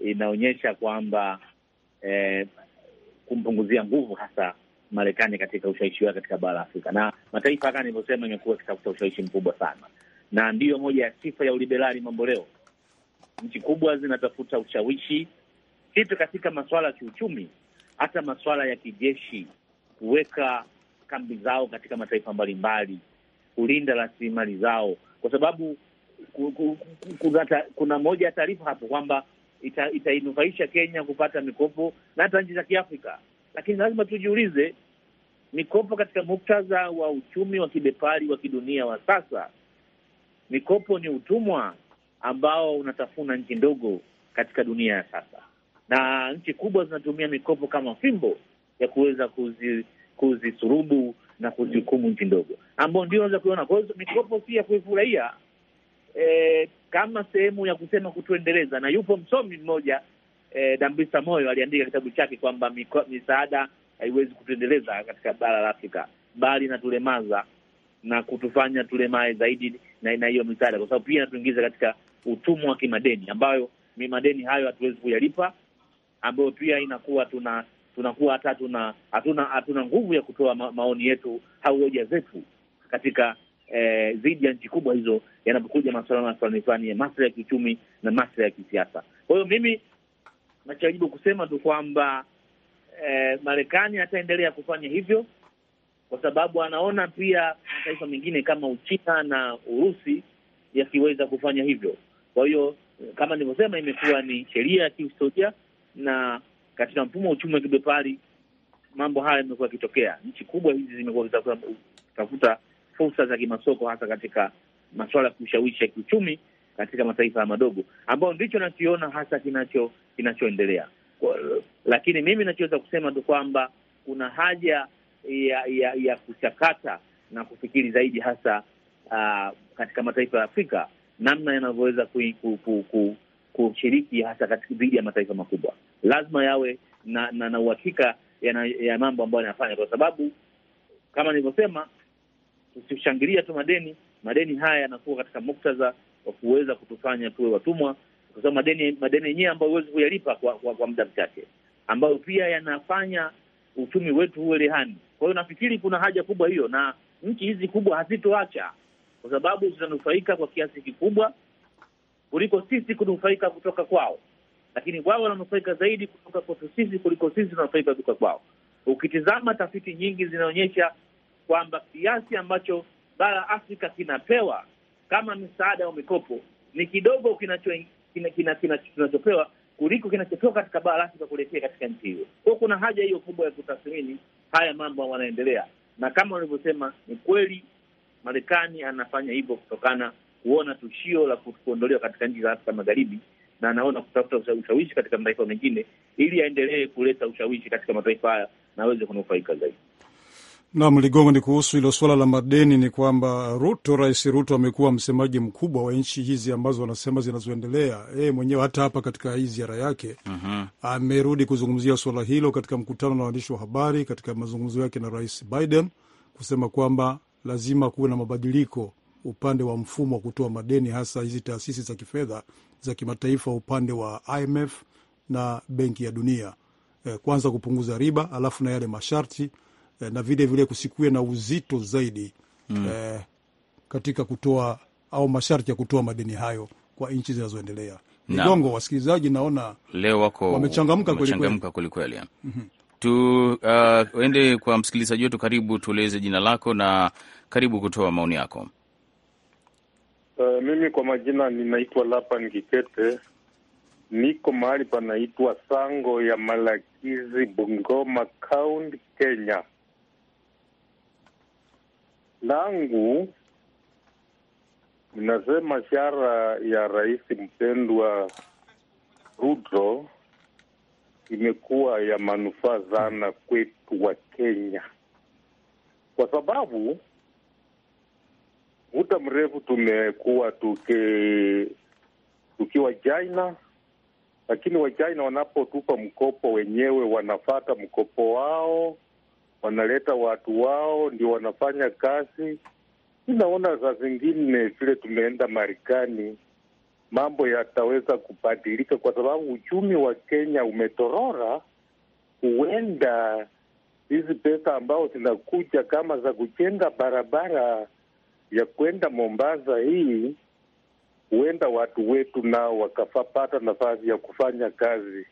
[SPEAKER 1] inaonyesha kwamba eh, kumpunguzia nguvu hasa Marekani katika ushawishi wake katika bara la Afrika, na mataifa haya nilivyosema, imekuwa ikitafuta ushawishi mkubwa sana na ndiyo moja ya sifa ya uliberali mambo leo. Nchi kubwa zinatafuta ushawishi, si tu katika masuala ya kiuchumi, hata masuala ya kijeshi, kuweka kambi zao katika mataifa mbalimbali, kulinda rasilimali zao, kwa sababu kuna moja ya taarifa hapo kwamba ita, itainufaisha Kenya kupata mikopo na hata nchi za Kiafrika, lakini lazima tujiulize, mikopo katika muktadha wa uchumi wa kibepari wa kidunia wa sasa Mikopo ni utumwa ambao unatafuna nchi ndogo katika dunia ya sasa, na nchi kubwa zinatumia mikopo kama fimbo ya kuweza kuzisurubu kuzi na kuzihukumu nchi ndogo, ambao ndio unaweza kuiona. Kwa hiyo mikopo si ya kuifurahia e, kama sehemu ya kusema kutuendeleza. Na yupo msomi mmoja e, Dambisa Moyo aliandika kitabu chake kwamba misaada haiwezi kutuendeleza katika bara la Afrika, bali inatulemaza na kutufanya tulemae zaidi na ina hiyo misaada, kwa sababu pia inatuingiza katika utumwa wa kimadeni, ambayo ni madeni hayo hatuwezi kuyalipa, ambayo pia inakuwa tuna tunakuwa hata tuna hatuna hatuna nguvu ya kutoa ma, maoni yetu au hoja zetu katika eh, dhidi ya nchi kubwa hizo, yanapokuja masuala fulani fulani ya masuala ya kiuchumi na masuala ya kisiasa. Kwa hiyo mimi nachojibu kusema tu kwamba eh, Marekani ataendelea kufanya hivyo kwa sababu anaona pia mataifa mengine kama Uchina na Urusi yakiweza kufanya hivyo. Kwa hiyo kama nilivyosema, imekuwa ni sheria ya kihistoria, na katika mfumo wa uchumi wa kibepari mambo haya yamekuwa yakitokea. Nchi kubwa hizi zimekuwa kutafuta fursa za kimasoko, hasa katika masuala ya kushawishi ya kiuchumi katika mataifa ya madogo, ambayo ndicho nakiona hasa kinacho kinachoendelea. Lakini mimi nachoweza kusema tu kwamba kuna haja ya ya ya kuchakata na kufikiri zaidi hasa uh, katika mataifa ya Afrika namna yanavyoweza kushiriki ku, ku, ku, hasa dhidi ya mataifa makubwa. Lazima yawe na na, na uhakika ya, ya mambo ambayo yanafanya, kwa sababu kama nilivyosema, tusishangilia tu madeni. Madeni haya yanakuwa katika muktadha wa kuweza kutufanya tuwe watumwa, kwa sababu madeni madeni yenyewe ambayo huwezi kuyalipa kwa, kwa, kwa muda mchache, ambayo pia yanafanya uchumi wetu huwe rehani. Kwa hiyo nafikiri kuna haja kubwa hiyo, na nchi hizi
[SPEAKER 6] kubwa hazitoacha,
[SPEAKER 1] kwa sababu zitanufaika kwa kiasi kikubwa kuliko sisi kunufaika kutoka kwao, lakini wao wananufaika zaidi kutoka kwetu sisi kuliko sisi tunanufaika kutoka kwao. Ukitizama tafiti nyingi zinaonyesha kwamba kiasi ambacho bara Afrika kinapewa kama msaada au mikopo ni kidogo kinachopewa kina, kina, kina, kina kuliko kinachotoka katika bara Afrika kuelekea katika nchi hiyo. Kwa kuna haja hiyo kubwa ya kutathmini haya mambo wanaendelea, na kama walivyosema, ni kweli Marekani anafanya hivyo kutokana kuona tushio la kuondolewa katika nchi za Afrika Magharibi, na anaona kutafuta ushawishi katika mataifa mengine ili aendelee kuleta ushawishi katika mataifa haya na aweze kunufaika zaidi.
[SPEAKER 2] Nam Ligongo, ni kuhusu hilo suala la madeni, ni kwamba Ruto, Rais Ruto amekuwa msemaji mkubwa wa nchi hizi ambazo wanasema zinazoendelea. Yeye mwenyewe hata hapa katika hii ziara yake uh mhm. -huh. amerudi kuzungumzia suala hilo katika mkutano na waandishi wa habari katika mazungumzo yake na Rais Biden kusema kwamba lazima kuwe na mabadiliko upande wa mfumo wa kutoa madeni, hasa hizi taasisi za kifedha za kimataifa upande wa IMF na Benki ya Dunia, eh, kwanza kupunguza riba alafu na yale masharti Eh, na vile vile kusikue na uzito zaidi mm. eh, katika kutoa au masharti ya kutoa madeni hayo kwa nchi zinazoendelea. Migongo, wasikilizaji naona
[SPEAKER 3] leo wako wamechangamka kweli kweli. Eh. Mhm. Tuende ah, kwa msikilizaji wetu, karibu, tueleze jina lako na karibu kutoa maoni yako.
[SPEAKER 5] Uh, mimi kwa majina ninaitwa Lapan Kikete, niko mahali panaitwa Sango ya Malakizi, Bungoma County, Kenya langu inasema shara ya rais mpendwa Ruto imekuwa ya manufaa sana kwetu wa Kenya, kwa sababu muda mrefu tumekuwa tuki tukiwa China, lakini china wanapotupa mkopo wenyewe wanafata mkopo wao wanaleta watu wao ndio wanafanya kazi. Inaona saa zingine vile tumeenda Marekani, mambo yataweza kubadilika, kwa sababu uchumi wa Kenya umetorora. Huenda hizi pesa ambao zinakuja kama za kujenga barabara ya kwenda Mombasa hii, huenda watu wetu nao wakapata nafasi ya kufanya kazi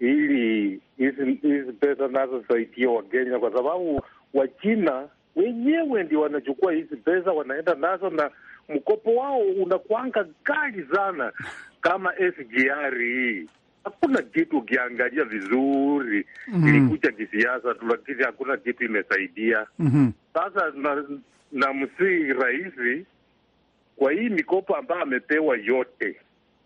[SPEAKER 5] ili hizi pesa nazo zisaidie Wakenya, kwa sababu Wachina wenyewe ndio wanachukua hizi pesa wanaenda nazo, na mkopo wao unakwanga kali sana kama SGR hii hakuna kitu ukiangalia vizuri mm -hmm. Ilikuja kisiasa tu, lakini hakuna kitu imesaidia mm -hmm. Sasa na, na msii rahisi kwa hii mikopo ambayo amepewa yote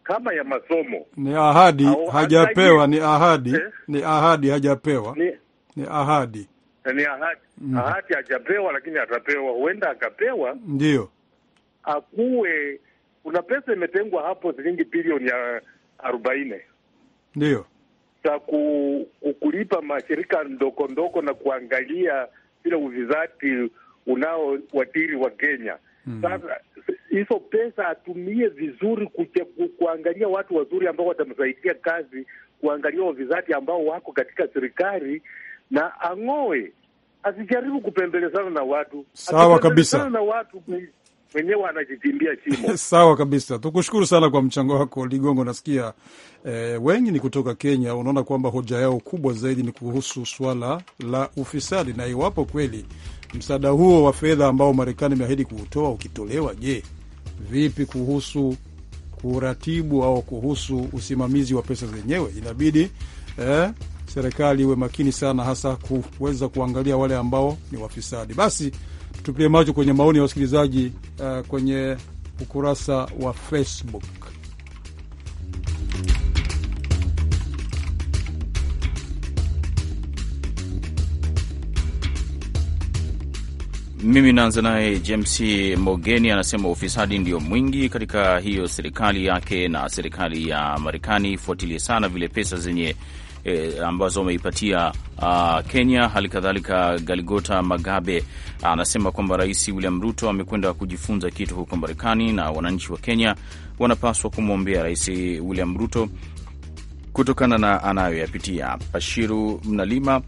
[SPEAKER 5] kama ya masomo
[SPEAKER 2] ni ahadi au hajapewa ni ahadi eh? ni ahadi hajapewa ni, ni ahadi
[SPEAKER 5] eh, ni ahadi mm. ahadi hajapewa, lakini atapewa, huenda akapewa, ndio akuwe. Kuna pesa imetengwa hapo shilingi bilioni ya arobaini ndio za kulipa mashirika ndogo ndogo na kuangalia vile uvizati unaowatiri wa Kenya. mm. Sasa hizo pesa atumie vizuri kuche, kuangalia watu wazuri ambao watamsaidia kazi, kuangalia wavizati ambao wako katika serikali na ang'oe, asijaribu kupembelezana na watu. Sawa kabisa na watu wenyewe anajitimbia shimo.
[SPEAKER 2] Sawa kabisa, tukushukuru sana kwa mchango wako Ligongo. Nasikia eh, wengi ni kutoka Kenya. Unaona kwamba hoja yao kubwa zaidi ni kuhusu swala la ufisadi, na iwapo kweli msaada huo wa fedha ambao Marekani imeahidi kuutoa ukitolewa, je, Vipi kuhusu kuratibu au kuhusu usimamizi wa pesa zenyewe? Inabidi eh, serikali iwe makini sana, hasa kuweza kuangalia wale ambao ni wafisadi. Basi tupie macho kwenye maoni ya wasikilizaji uh, kwenye ukurasa wa Facebook.
[SPEAKER 3] Mimi naanza naye James Mogeni anasema ufisadi ndio mwingi katika hiyo serikali yake, na serikali ya Marekani ifuatilie sana vile pesa zenye E, ambazo wameipatia ah, Kenya. Hali kadhalika Galigota Magabe anasema kwamba Rais William Ruto amekwenda kujifunza kitu huko Marekani, na wananchi wa Kenya wanapaswa kumwombea Rais William Ruto kutokana na anayoyapitia. Bashiru Mnalima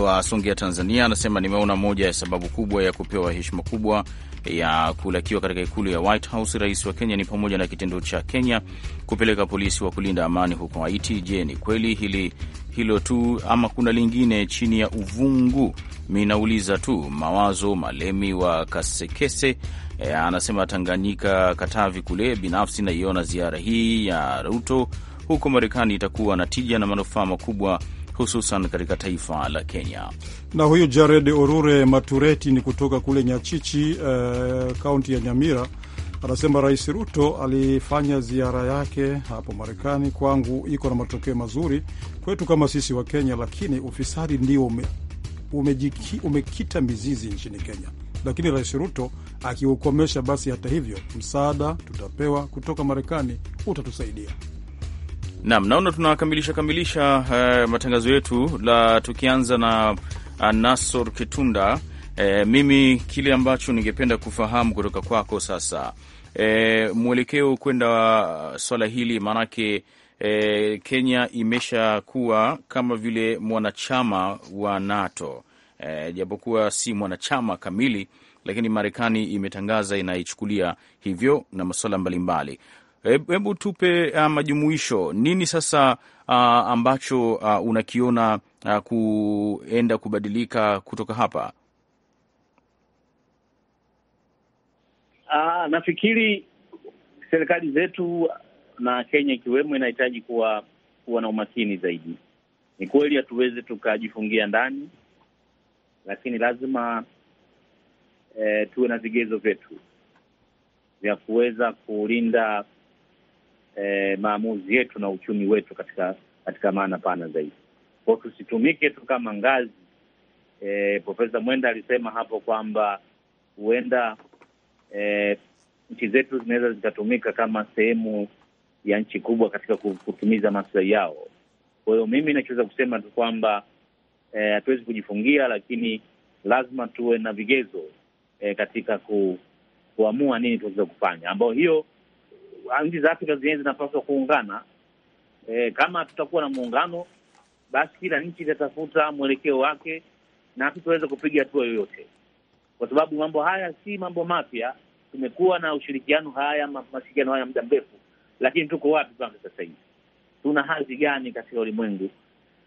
[SPEAKER 3] wa Songea, Tanzania, anasema nimeona moja ya sababu kubwa ya kupewa heshima kubwa ya kulakiwa katika ikulu ya White House rais wa Kenya ni pamoja na kitendo cha Kenya kupeleka polisi wa kulinda amani huko Haiti. Je, ni kweli hili hilo tu ama kuna lingine chini ya uvungu? Mi nauliza tu. Mawazo Malemi wa Kasekese e, anasema Tanganyika, Katavi kule, binafsi naiona ziara hii ya Ruto huko Marekani itakuwa na tija na manufaa makubwa hususan katika taifa la Kenya.
[SPEAKER 2] Na huyu Jared Orure Matureti ni kutoka kule Nyachichi, eh, kaunti uh, ya Nyamira, anasema Rais Ruto alifanya ziara yake hapo Marekani, kwangu iko na matokeo mazuri kwetu kama sisi wa Kenya, lakini ufisadi ndio ume, umejiki, umekita mizizi nchini Kenya lakini Rais Ruto akiukomesha, basi hata hivyo, msaada tutapewa kutoka Marekani utatusaidia.
[SPEAKER 3] Naam, naona tunakamilisha kamilisha uh, matangazo yetu la tukianza na ah, Nasor Kitunda. Uh, mimi kile ambacho ningependa kufahamu kutoka kwako sasa, uh, mwelekeo kwenda swala hili maanake E, Kenya imeshakuwa kama vile mwanachama wa NATO e, japokuwa si mwanachama kamili, lakini Marekani imetangaza inaichukulia hivyo na masuala mbalimbali. Eh, hebu tupe uh, majumuisho nini sasa uh, ambacho uh, unakiona uh, kuenda kubadilika kutoka hapa?
[SPEAKER 6] Uh, nafikiri serikali zetu
[SPEAKER 1] na Kenya ikiwemo inahitaji kuwa kuwa na umakini zaidi. Ni kweli hatuwezi tukajifungia ndani, lakini lazima eh, tuwe na vigezo vyetu vya kuweza kulinda eh, maamuzi yetu na uchumi wetu katika katika maana pana zaidi. Kwao tusitumike tu kama ngazi. Eh, Profesa Mwenda alisema hapo kwamba huenda eh, nchi zetu zinaweza zikatumika kama sehemu ya nchi kubwa katika kutumiza maslahi yao. Kwa hiyo mimi nachoweza kusema tu kwamba eh, hatuwezi eh, kujifungia, lakini lazima tuwe na vigezo eh, katika ku, kuamua nini tunaweza kufanya, ambayo hiyo nchi za Afrika zenyewe zinapaswa kuungana. E, kama tutakuwa na muungano, basi kila nchi itatafuta mwelekeo wake na hatutaweza kupiga hatua yoyote, kwa sababu mambo haya si mambo mapya. Tumekuwa na ushirikiano haya mashirikiano haya muda mrefu, lakini tuko wapi mpaka sasa hivi? Tuna hadhi gani katika ulimwengu?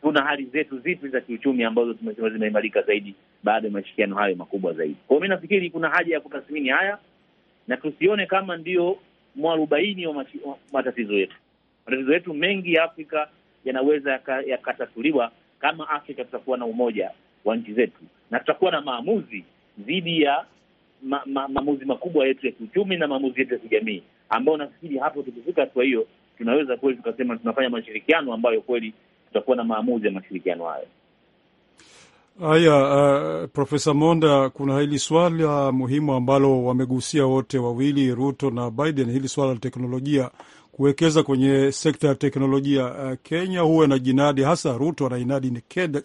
[SPEAKER 1] Tuna hali zetu zipi za kiuchumi ambazo tumesema zimeimarika zaidi baada ya mashirikiano hayo makubwa zaidi? Kwa hiyo mi nafikiri kuna haja ya kutathmini haya na tusione kama ndio mwarobaini wa matatizo yetu. Matatizo yetu mengi ya Afrika yanaweza yakatatuliwa ya kama Afrika tutakuwa na umoja wa nchi zetu na tutakuwa na maamuzi dhidi ya ma, ma, maamuzi makubwa yetu ya kiuchumi na maamuzi yetu ya kijamii, ambayo nafikiri hapo tukifika hatua hiyo tunaweza kweli tukasema tunafanya mashirikiano ambayo kweli tutakuwa na maamuzi ya mashirikiano hayo.
[SPEAKER 2] Haya, uh, Profesa Monda, kuna hili swala muhimu ambalo wamegusia wote wawili, Ruto na Biden, hili swala la teknolojia, kuwekeza kwenye sekta ya teknolojia. Uh, Kenya huwa na jinadi, hasa Ruto ni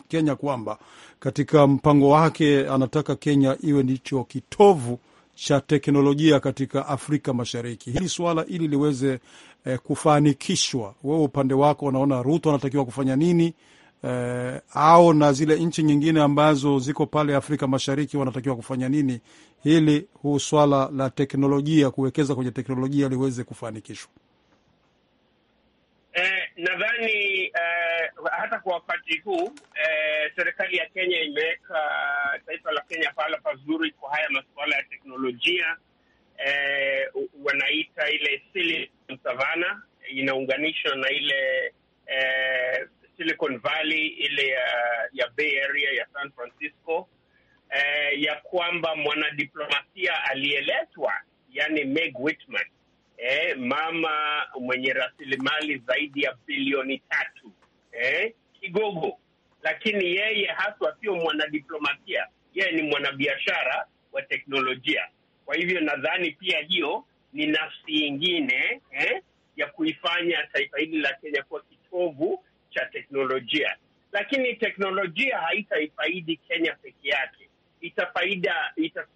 [SPEAKER 2] Kenya kwamba katika mpango wake anataka Kenya iwe ndicho kitovu cha teknolojia katika Afrika Mashariki. Hili swala ili liweze eh, kufanikishwa, wewe upande wako unaona Ruto anatakiwa kufanya nini? eh, au na zile nchi nyingine ambazo ziko pale Afrika Mashariki wanatakiwa kufanya nini ili huu swala la teknolojia, kuwekeza kwenye teknolojia liweze kufanikishwa?
[SPEAKER 4] Eh, nadhani eh, hata kwa wakati huu eh, serikali ya Kenya imeweka taifa la Kenya pahala pazuri kwa haya masuala ya teknolojia. Eh, wanaita ile Silicon Savannah inaunganishwa na ile eh, Silicon Valley ile ya, ya Bay Area ya San Francisco eh, ya kwamba mwanadiplomasia aliyeletwa yani Meg Whitman eh, mama mwenye rasilimali zaidi ya bilioni tatu eh, kigogo, lakini yeye haswa sio mwanadiplomasia, yeye ni mwanabiashara wa teknolojia. Kwa hivyo nadhani pia hiyo ni nafsi ingine eh, ya kuifanya taifa hili la Kenya kuwa kitovu cha teknolojia, lakini teknolojia haitaifaidi Kenya peke yake, itafaida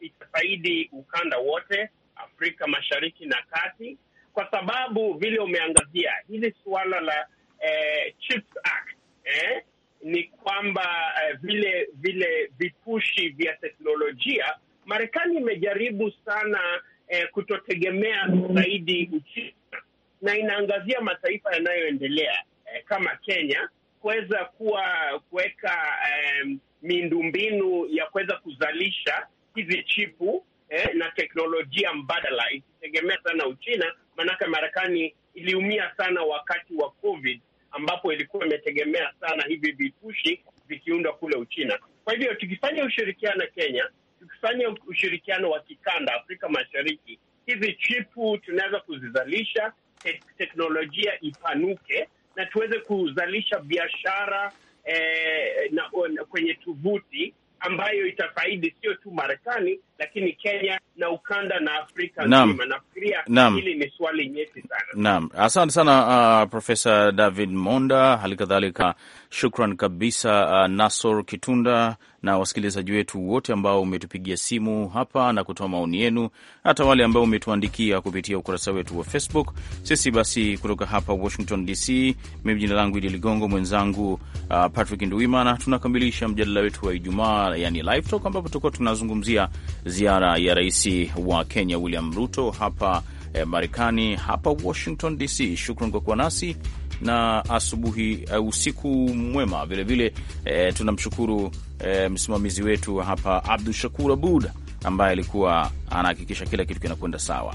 [SPEAKER 4] itafaidi ukanda wote, Afrika Mashariki na Kati, kwa sababu vile umeangazia hili suala la eh, Chips Act, eh, ni kwamba eh, vile vile vipushi vya teknolojia Marekani imejaribu sana eh, kutotegemea zaidi Uchina na inaangazia mataifa yanayoendelea eh, kama Kenya kuweza kuwa kuweka eh, miundombinu ya kuweza kuzalisha hizi chipu eh, na teknolojia mbadala ikitegemea sana Uchina, maanake Marekani iliumia sana wakati wa COVID ambapo ilikuwa imetegemea sana hivi vipushi vikiundwa kule Uchina. Kwa hivyo tukifanya ushirikiano Kenya, tukifanya ushirikiano wa kikanda Afrika Mashariki, hizi chipu tunaweza kuzizalisha, te teknolojia ipanuke na tuweze kuzalisha biashara eh, na, na kwenye tuvuti ambayo itafaidi sio tu Marekani lakini Kenya na ukanda na Afrika nzima. Nafikiria hili ni swali nyeti sana. Naam,
[SPEAKER 3] asante sana uh, Profesa David Monda, hali kadhalika shukran kabisa uh, Nasor Kitunda na wasikilizaji wetu wote ambao umetupigia simu hapa na kutoa maoni yenu, hata wale ambao umetuandikia kupitia ukurasa wetu wa Facebook. Sisi basi kutoka hapa Washington DC, mimi jina langu Idi Ligongo, mwenzangu uh, Patrick Nduimana, tunakamilisha mjadala wetu wa Ijumaa, yani live talk, ambapo tulikuwa tunazungumzia ziara ya rais wa Kenya William Ruto hapa eh, Marekani, hapa Washington DC. Shukran kwa kuwa nasi na asubuhi, uh, usiku mwema vilevile. vile, Eh, tunamshukuru e, msimamizi wetu hapa Abdu Shakur Abud ambaye alikuwa anahakikisha kila kitu kinakwenda sawa.